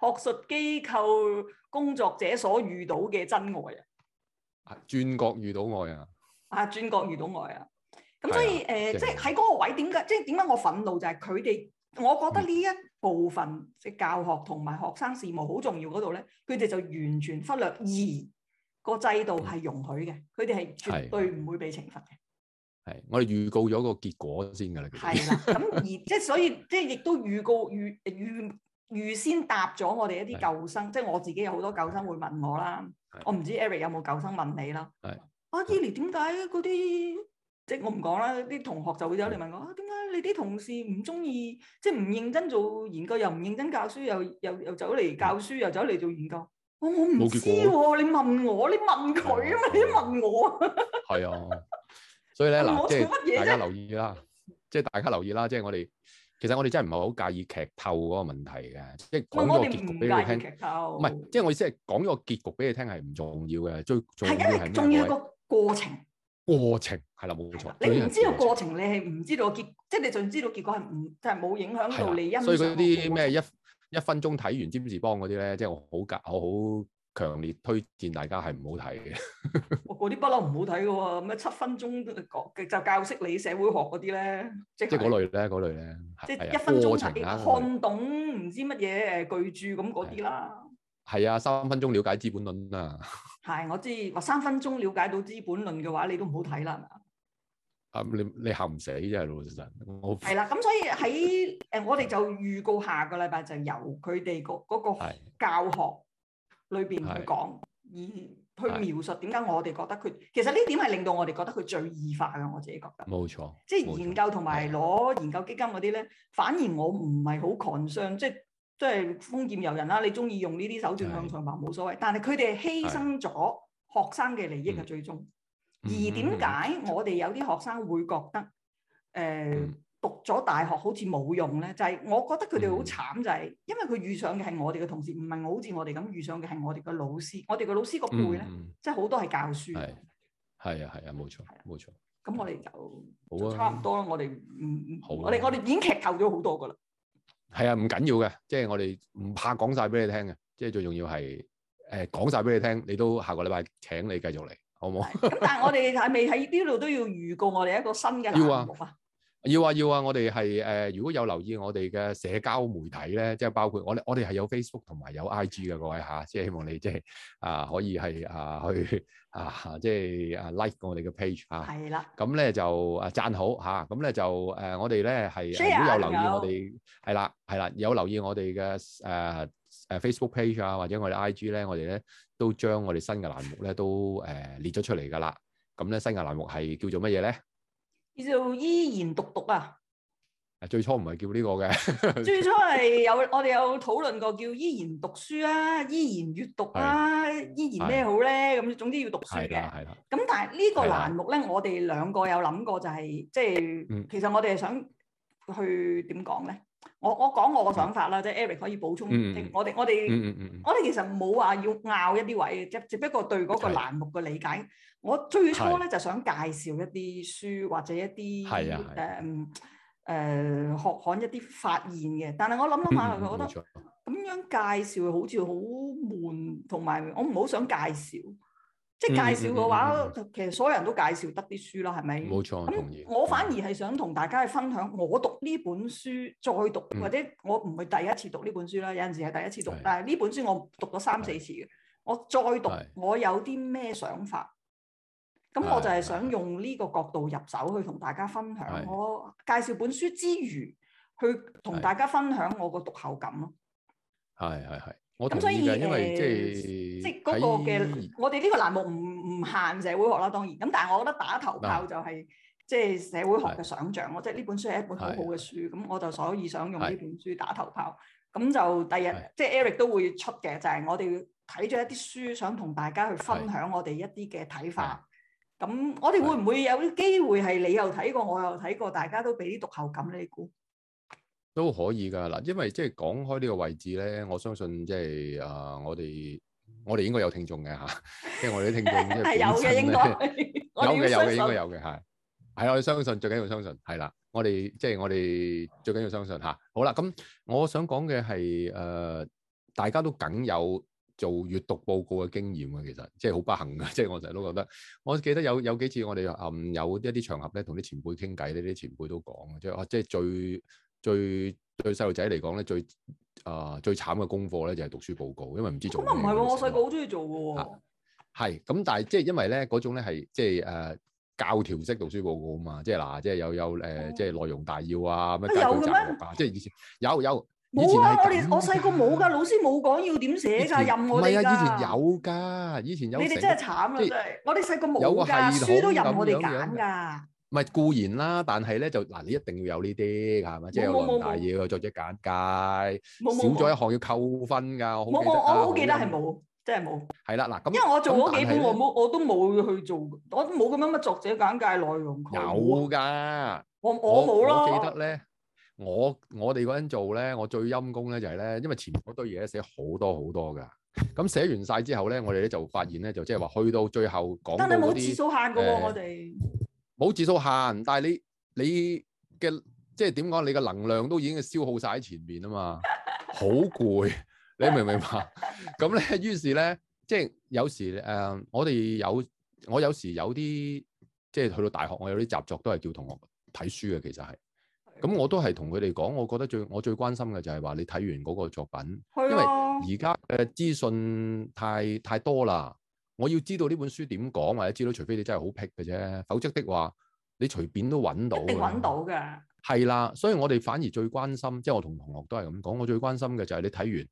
學術機構工作者所遇到嘅真愛,啊, 愛啊,啊。轉角遇到愛啊！啊，轉角遇到愛啊！咁所以誒，即係喺嗰個位點解？即係點解我憤怒就係佢哋？我覺得呢一部分嘅教學同埋學生事務好重要嗰度咧，佢哋就完全忽略二、嗰個制度係容許嘅，佢哋係絕對唔會被懲罰嘅。係，我哋預告咗個結果先㗎啦。係啦的，咁 而即係所以即係亦都預告預預預先答咗我哋一啲舊生，的即係我自己有好多舊生會問我啦。的我唔知 Eric 有冇舊生問你啦。係的，阿、啊、伊蓮點解嗰啲？我唔講啦，啲同學就會走嚟問我：點解你啲同事唔中意？即係唔認真做研究，又唔認真教書，又又又走嚟教書，又走嚟做研究。哦、我我唔知喎、啊，你問我，你問佢啊嘛，的你問我啊。係啊的， 所以咧嗱，我乜嘢？大家留意啦，即係大家留意啦，即係我哋其實我哋真係唔係好介意劇透嗰個問題嘅，即係講個結局俾你聽。劇透唔係，即係我意思係講咗個結局俾你聽係唔重要嘅，最重要係咩？係因為重要個過程。過程係啦，冇錯。錯，你唔知道過程，過程你係唔知道結，即係你仲知道結果係唔程即係冇影響到你過過。因所以嗰啲咩一一分鐘睇完《占士邦》嗰啲咧，即係我好夾，我好強烈推薦大家係唔、 哦、好睇嘅。我嗰啲不嬲唔好睇嘅喎，咩七分鐘講就，就教識你社會學嗰啲咧，即係即係嗰類咧，嗰類咧，即係的一分鐘睇看、啊、看懂唔知乜嘢誒巨著咁嗰啲啦。係啊，三分鐘瞭解資本論啊！係，我知話三分鐘瞭解到資本論嘅話，你都唔好睇啦，係嘛？啊，你你喊唔死啫，老實實。係啦，咁所以喺誒，我哋就預告下個禮拜就由佢哋個嗰個教學裏邊去講，而去描述點解我哋覺得佢其實呢點係令到我哋覺得佢最異化嘅，我自己覺得冇錯。即係研究同埋攞研究基金嗰啲咧，反而我唔係好 concern，即係。即係封劍遊人啦，你中意用呢啲手段向上爬冇是的 所謂，但係佢哋係犧牲咗學生嘅利益嘅最終，嗯、而點解我哋有啲學生會覺得誒、呃嗯、讀咗大學好似冇用咧？就係、是、我覺得佢哋好慘，嗯、就係因為佢遇上嘅係我哋嘅同事，唔係我好似我哋咁遇上嘅係我哋嘅老師。我哋嘅老師個輩咧，嗯、即係好多係教書。係啊，係啊，冇錯，冇錯。咁我哋就差唔多啦。我哋唔唔，我哋我哋已經劇透咗好多噶啦。係啊，唔緊要嘅，即係我哋唔怕講晒俾你聽嘅，即係最重要係誒、呃、講晒俾你聽，你都下個禮拜請你繼續嚟，好唔好？ 但係我哋係未喺呢度都要預告我哋一個新嘅欄目啊。要啊要啊！我哋係誒，如果有留意我哋嘅社交媒體咧，即係包括我哋，我哋係有 Facebook 同埋有 IG 嘅各位吓，即係希望你即係啊，可以係啊去啊，即係啊 like 我哋嘅 page 嚇。係啦。咁咧就啊讚好吓，咁咧就誒，我哋咧係如果有留意我哋係啦係啦，有留意我哋嘅誒誒 Facebook page 啊，或者我哋 IG 咧，我哋咧都將我哋新嘅欄目咧都誒列咗出嚟㗎啦。咁咧新嘅欄目係叫做乜嘢咧？叫做依然讀讀啊！啊，最初唔係叫呢個嘅， 最初係有我哋有討論過叫依然讀書啊、依然閱讀啊、是依然咩好咧？咁是總之要讀書嘅，係啦，係啦。咁但係呢個欄目咧，的我哋兩個有諗過，就是，就係即係，其實我哋係想去點講咧？嗯我我講我個想法啦，即、就、係、是、Eric 可以補充。嗯、我哋我哋、嗯嗯、我哋其實冇話要拗一啲位，只只不過對嗰個欄目嘅理解。是我最初咧是就想介紹一啲書或者一啲誒誒學刊一啲發現嘅，但係我諗諗下，佢、嗯、覺得咁錯樣介紹好似好悶，同埋我唔好想介紹。即係介紹嘅話，嗯嗯、其實所有人都介紹得啲書啦，係咪？冇錯，我同意、嗯、我反而係想同大家去分享我讀呢本書，再讀、嗯、或者我唔係第一次讀呢本書啦。有陣時係第一次讀，是但係呢本書我讀咗三四次嘅。是我再讀，我有啲咩想法？咁是我就係想用呢個角度入手去同大家分享。是我介紹本書之餘，去同大家分享我個讀後感咯。係係係。咁所以，因為即係即個嘅，我哋呢個欄目唔唔限社會學啦，當然。咁但係我覺得打頭炮就係即係社會學嘅想像。我即係呢本書係一本好好嘅書，咁我就所以想用呢本書打頭炮。咁就第日即係 Eric 都會出嘅，就係我哋睇咗一啲書，想同大家去分享我哋一啲嘅睇法。咁我哋會唔會有機會係你又睇過，我又睇過，大家都俾啲讀後感呢。你估？都可以噶嗱，因為即係講開呢個位置咧，我相信即係啊，我哋我哋應該有聽眾嘅吓，即 係我哋啲聽眾即係 本身呢有嘅應該有嘅有嘅應該有嘅係，係啊，我相信最緊要相信係啦，我哋即係我哋最緊要相信吓。好啦，咁我想講嘅係誒，大家都梗有做閱讀報告嘅經驗嘅，其實即係好不幸嘅，即係我成日都覺得，我記得有有幾次我哋誒、嗯、有一啲場合咧，同啲前輩傾偈呢，啲前輩都講即係即係最。最最細路仔嚟講咧，最啊最、呃、最慘嘅功課咧就係、是、讀書報告，因為唔知做乜。咁啊唔係喎，我細個好中意做嘅喎。係咁、啊，但係即係因為咧嗰種咧係即係誒教條式讀書報告啊嘛，就是呃哦、即係嗱，即係有有誒即係內容大要啊，咩介紹雜誌即係以前有有。冇啊！我哋我細個冇㗎，老師冇講要點寫㗎，以前任我哋係啊，以前有㗎，以前有。以前有你哋真係慘啊！即係我哋細個冇㗎，書都任我哋揀㗎。唔係固然啦，但係咧就嗱，你一定要有呢啲係咪？即係內容大要、作者簡介，少咗一項要扣分㗎。我好記得，我好記得係冇，真係冇。係啦，嗱咁。因為我做咗幾本，我冇我都冇去做，我都冇咁樣嘅作者簡介內容。有㗎。我我冇啦。記得咧，我我哋嗰陣做咧，我最陰功咧就係咧，因為前嗰堆嘢寫好多好多㗎。咁寫完曬之後咧，我哋咧就發現咧，就即係話去到最後講嗰啲。但係冇字數限㗎喎，我哋。好字數限，但係你你嘅即係點講？你嘅能量都已經消耗晒喺前面啊嘛，好攰，你明唔明白？咁 咧，於是咧，即係有時誒、呃，我哋有我有時有啲即係去到大學，我有啲習作都係叫同學睇書嘅，其實係咁，的我都係同佢哋講，我覺得最我最關心嘅就係話你睇完嗰個作品，的因為而家嘅資訊太太多啦。我要知道呢本書點講，或者知道，除非你真係好僻嘅啫，否則的話，你隨便都揾到。一定揾到㗎。係啦，所以我哋反而最關心，即係我同同學都係咁講，我最關心嘅就係你睇完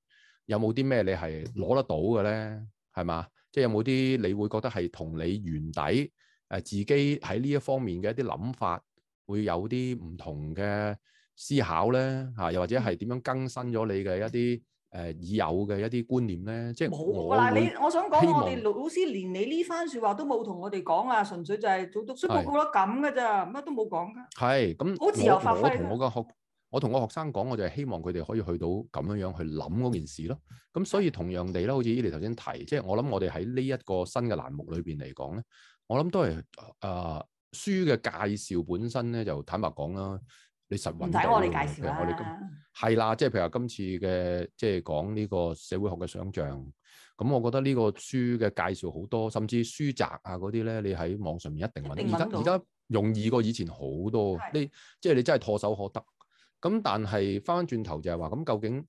有冇啲咩你係攞得到嘅咧，係嘛？即係有冇啲你會覺得係同你原底誒、呃、自己喺呢一方面嘅一啲諗法會有啲唔同嘅思考咧？嚇、啊，又或者係點樣更新咗你嘅一啲？誒已、呃、有嘅一啲觀念咧，即係冇啦你，我想講我哋老老師連你呢番説話都冇同我哋講啊，純粹就係做讀書報告咯咁嘅咋，乜是都冇講㗎。係咁、嗯，好自由發揮。我我同我個學，我同我學生講，我就係希望佢哋可以去到咁樣樣去諗嗰件事咯。咁所以同樣地啦，好似依啲頭先提，即、就、係、是、我諗我哋喺呢一個新嘅欄目裏邊嚟講咧，我諗都係啊、呃、書嘅介紹本身咧，就坦白講啦。你實揾，唔使我哋介紹啦、啊，係啦，即係譬如話今次嘅即係講呢個社會學嘅想像，咁、嗯、我覺得呢個書嘅介紹好多，甚至書摘啊嗰啲咧，你喺網上面一定揾，而家而家容易過以前好多，的你即係你真係唾手可得。咁但係翻返轉頭就係話，咁究竟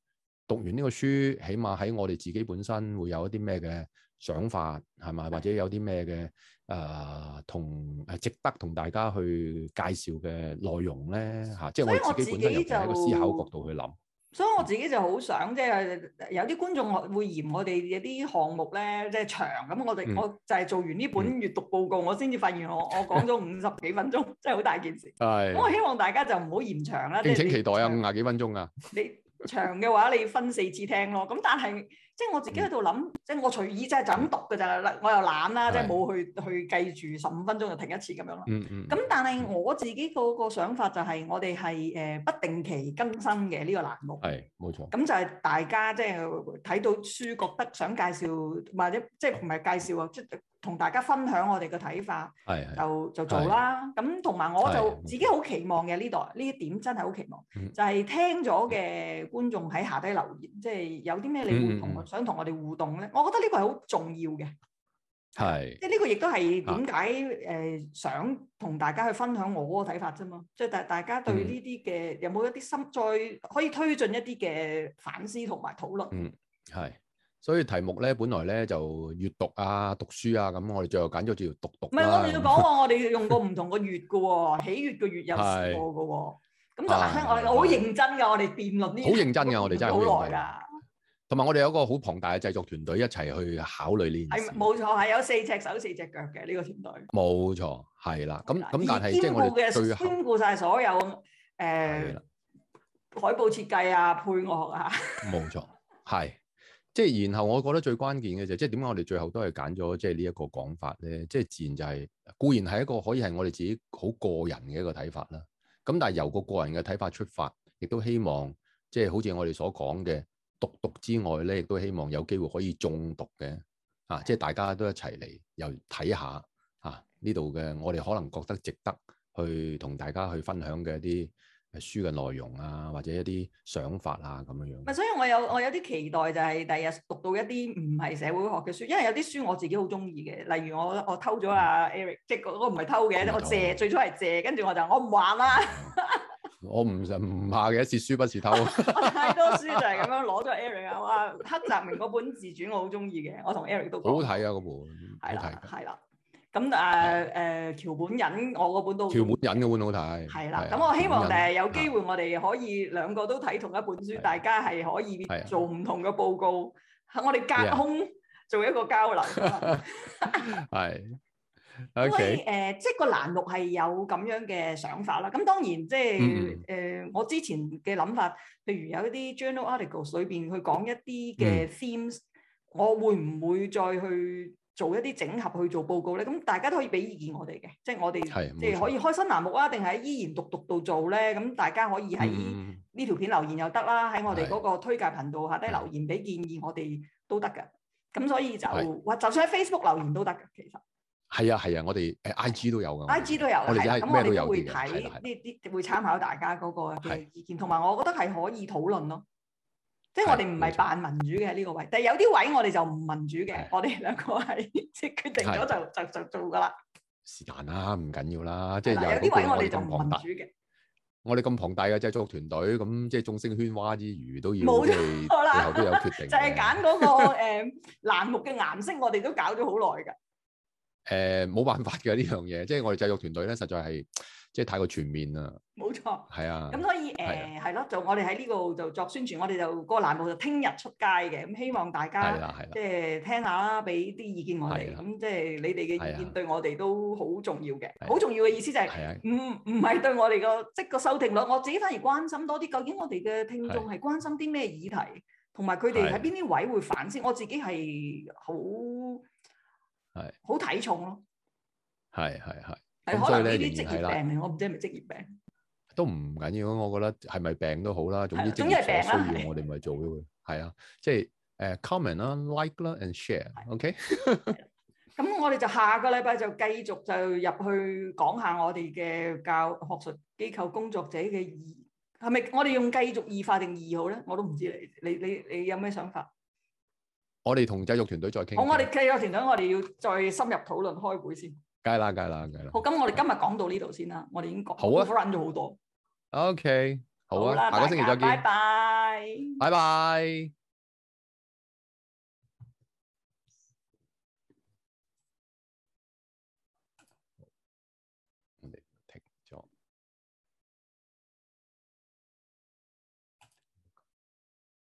讀完呢個書，起碼喺我哋自己本身會有一啲咩嘅想法係咪？或者有啲咩嘅誒同誒值得同大家去介紹嘅內容咧嚇，即係我自己本身亦就係一個思考角度去諗。所以我自己就好想即係、嗯、有啲觀眾會嫌我哋有啲項目咧，即係長，咁我哋我就係做完呢本閱讀報告，嗯、我先至發現我我講咗五十幾分鐘， 真係好大件事。係是，我希望大家就唔好嫌長啦。敬請期待啊，五廿幾分鐘啊！ 長嘅話，你要分四次聽咯。咁但係，即係我自己喺度諗，嗯、即係我隨意即係就咁讀嘅咋。我又懶啦，是即係冇去去記住十五分鐘就停一次咁樣咯、嗯。嗯嗯。咁但係我自己個個、嗯、想法就係，我哋係誒不定期更新嘅呢、呢個欄目。係，冇錯。咁就係大家即係睇到書，覺得想介紹或者即係唔係介紹啊？就係同大家分享我哋嘅睇法，就就做啦。咁同埋我就自己好期望嘅呢度呢一點真係好期望，就係聽咗嘅觀眾喺下低留言，即係有啲咩你會同我想同我哋互動咧？我覺得呢個係好重要嘅，係即係呢個亦都係點解誒想同大家去分享我個睇法啫嘛？即係大大家對呢啲嘅有冇一啲心再可以推進一啲嘅反思同埋討論。嗯，係。所以題目咧，本來咧就閱讀啊、讀書啊，咁我哋最後揀咗做讀讀。唔係，我哋要講話，我哋用過唔同嘅月嘅喎，喜悦嘅月有試過嘅喎。咁但係我哋好認真嘅，我哋辯論呢啲。好認真嘅，我哋真係好耐㗎。同埋我哋有個好龐大嘅製作團隊一齊去考慮呢啲。係冇錯，係有四隻手四隻腳嘅呢個團隊。冇錯，係啦。咁咁，但係即係我哋兼顧晒所有誒海報設計啊、配樂啊。冇錯，係。即係，然後我覺得最關鍵嘅就係，即點解我哋最後都係揀咗即係呢一個講法咧？即係自然就係，固然係一個可以係我哋自己好個人嘅一個睇法啦。咁但係由個個人嘅睇法出發，亦都希望即係好似我哋所講嘅「毒毒」之外咧，亦都希望有機會可以「中毒」嘅啊！即係大家都一齊嚟又睇下啊呢度嘅，我哋可能覺得值得去同大家去分享嘅一啲。係書嘅內容啊，或者一啲想法啊，咁樣樣。唔係，所以我有我有啲期待，就係第日讀到一啲唔係社會學嘅書，因為有啲書我自己好中意嘅。例如我我偷咗阿 Eric、嗯、即係嗰個唔係偷嘅，我借最初係借，跟住我就我唔還啦。我唔唔怕嘅，是書不是偷。我太多書就係咁樣攞咗 Eric 啊！哇，黑澤明嗰本自傳我好中意嘅，我同 Eric 都好睇啊嗰本。睇睇睇啦～咁誒誒橋本忍，我個本都橋本忍嘅本好睇。係啦，咁我希望誒有機會我哋可以兩個都睇同一本書，大家係可以做唔同嘅報告，喺我哋隔空做一個交流。係，OK 誒，即係個欄目係有咁樣嘅想法啦。咁當然即係誒，我之前嘅諗法，譬如有一啲 journal articles 裏邊去講一啲嘅 themes，我會唔會再去？做一啲整合去做報告咧，咁大家都可以俾意見我哋嘅，即係我哋即係可以開新欄目啊，定係依然讀讀度做咧？咁大家可以喺呢條片留言又得啦，喺我哋嗰個推介頻道下低留言俾建議我哋都得㗎。咁所以就，哇！就算喺 Facebook 留言都得㗎，其實係啊係啊，我哋誒 IG 都有㗎，IG 都有，我哋而家咩都有嘅，會睇呢啲會參考大家嗰個嘅意見，同埋我覺得係可以討論咯。即係我哋唔係扮民主嘅呢個位，但係有啲位我哋就唔民主嘅。我哋兩個係即係決定咗就就就做㗎啦。是但啦，唔緊要啦。即係有啲位我哋就唔民主嘅。我哋咁龐大嘅即係製作團隊，咁即係眾聲喧嘩之餘都要冇錯啦。最後都有決定。就係揀嗰個誒欄目嘅顏色，我哋都搞咗好耐㗎。誒冇辦法㗎呢樣嘢，即係我哋製作團隊咧，實在係。即係太過全面啦，冇錯，係啊。咁所以誒係咯，就我哋喺呢度就作宣傳，我哋就個欄目就聽日出街嘅。咁希望大家係啦，係啦，即係聽下啦，俾啲意見我哋。咁即係你哋嘅意見對我哋都好重要嘅，好重要嘅意思就係唔唔係對我哋個即個收聽率，我自己反而關心多啲。究竟我哋嘅聽眾係關心啲咩議題，同埋佢哋喺邊啲位會反先，我自己係好係好睇重咯。係係係。係，可能呢啲職業病。我唔知係咪職業病，都唔緊要。我覺得係咪病都好啦。總之，總之係病啦。我哋咪做咗佢。係啊，即係誒，comment 啦，like 啦，and share。OK。咁我哋就下個禮拜就繼續就入去講下我哋嘅教學術機構工作者嘅異係咪？我哋用繼續異化定二號咧？我都唔知，你你你你有咩想法？我哋同製作團隊再傾。好，我哋製作團隊，我哋要再深入討論開會先。梗係啦，梗係啦，梗係啦。好，咁我哋今日講到呢度先啦，的我哋已經講好啊，run 咗好多。OK，好啊，下個星期再見，拜拜，拜拜。拜拜。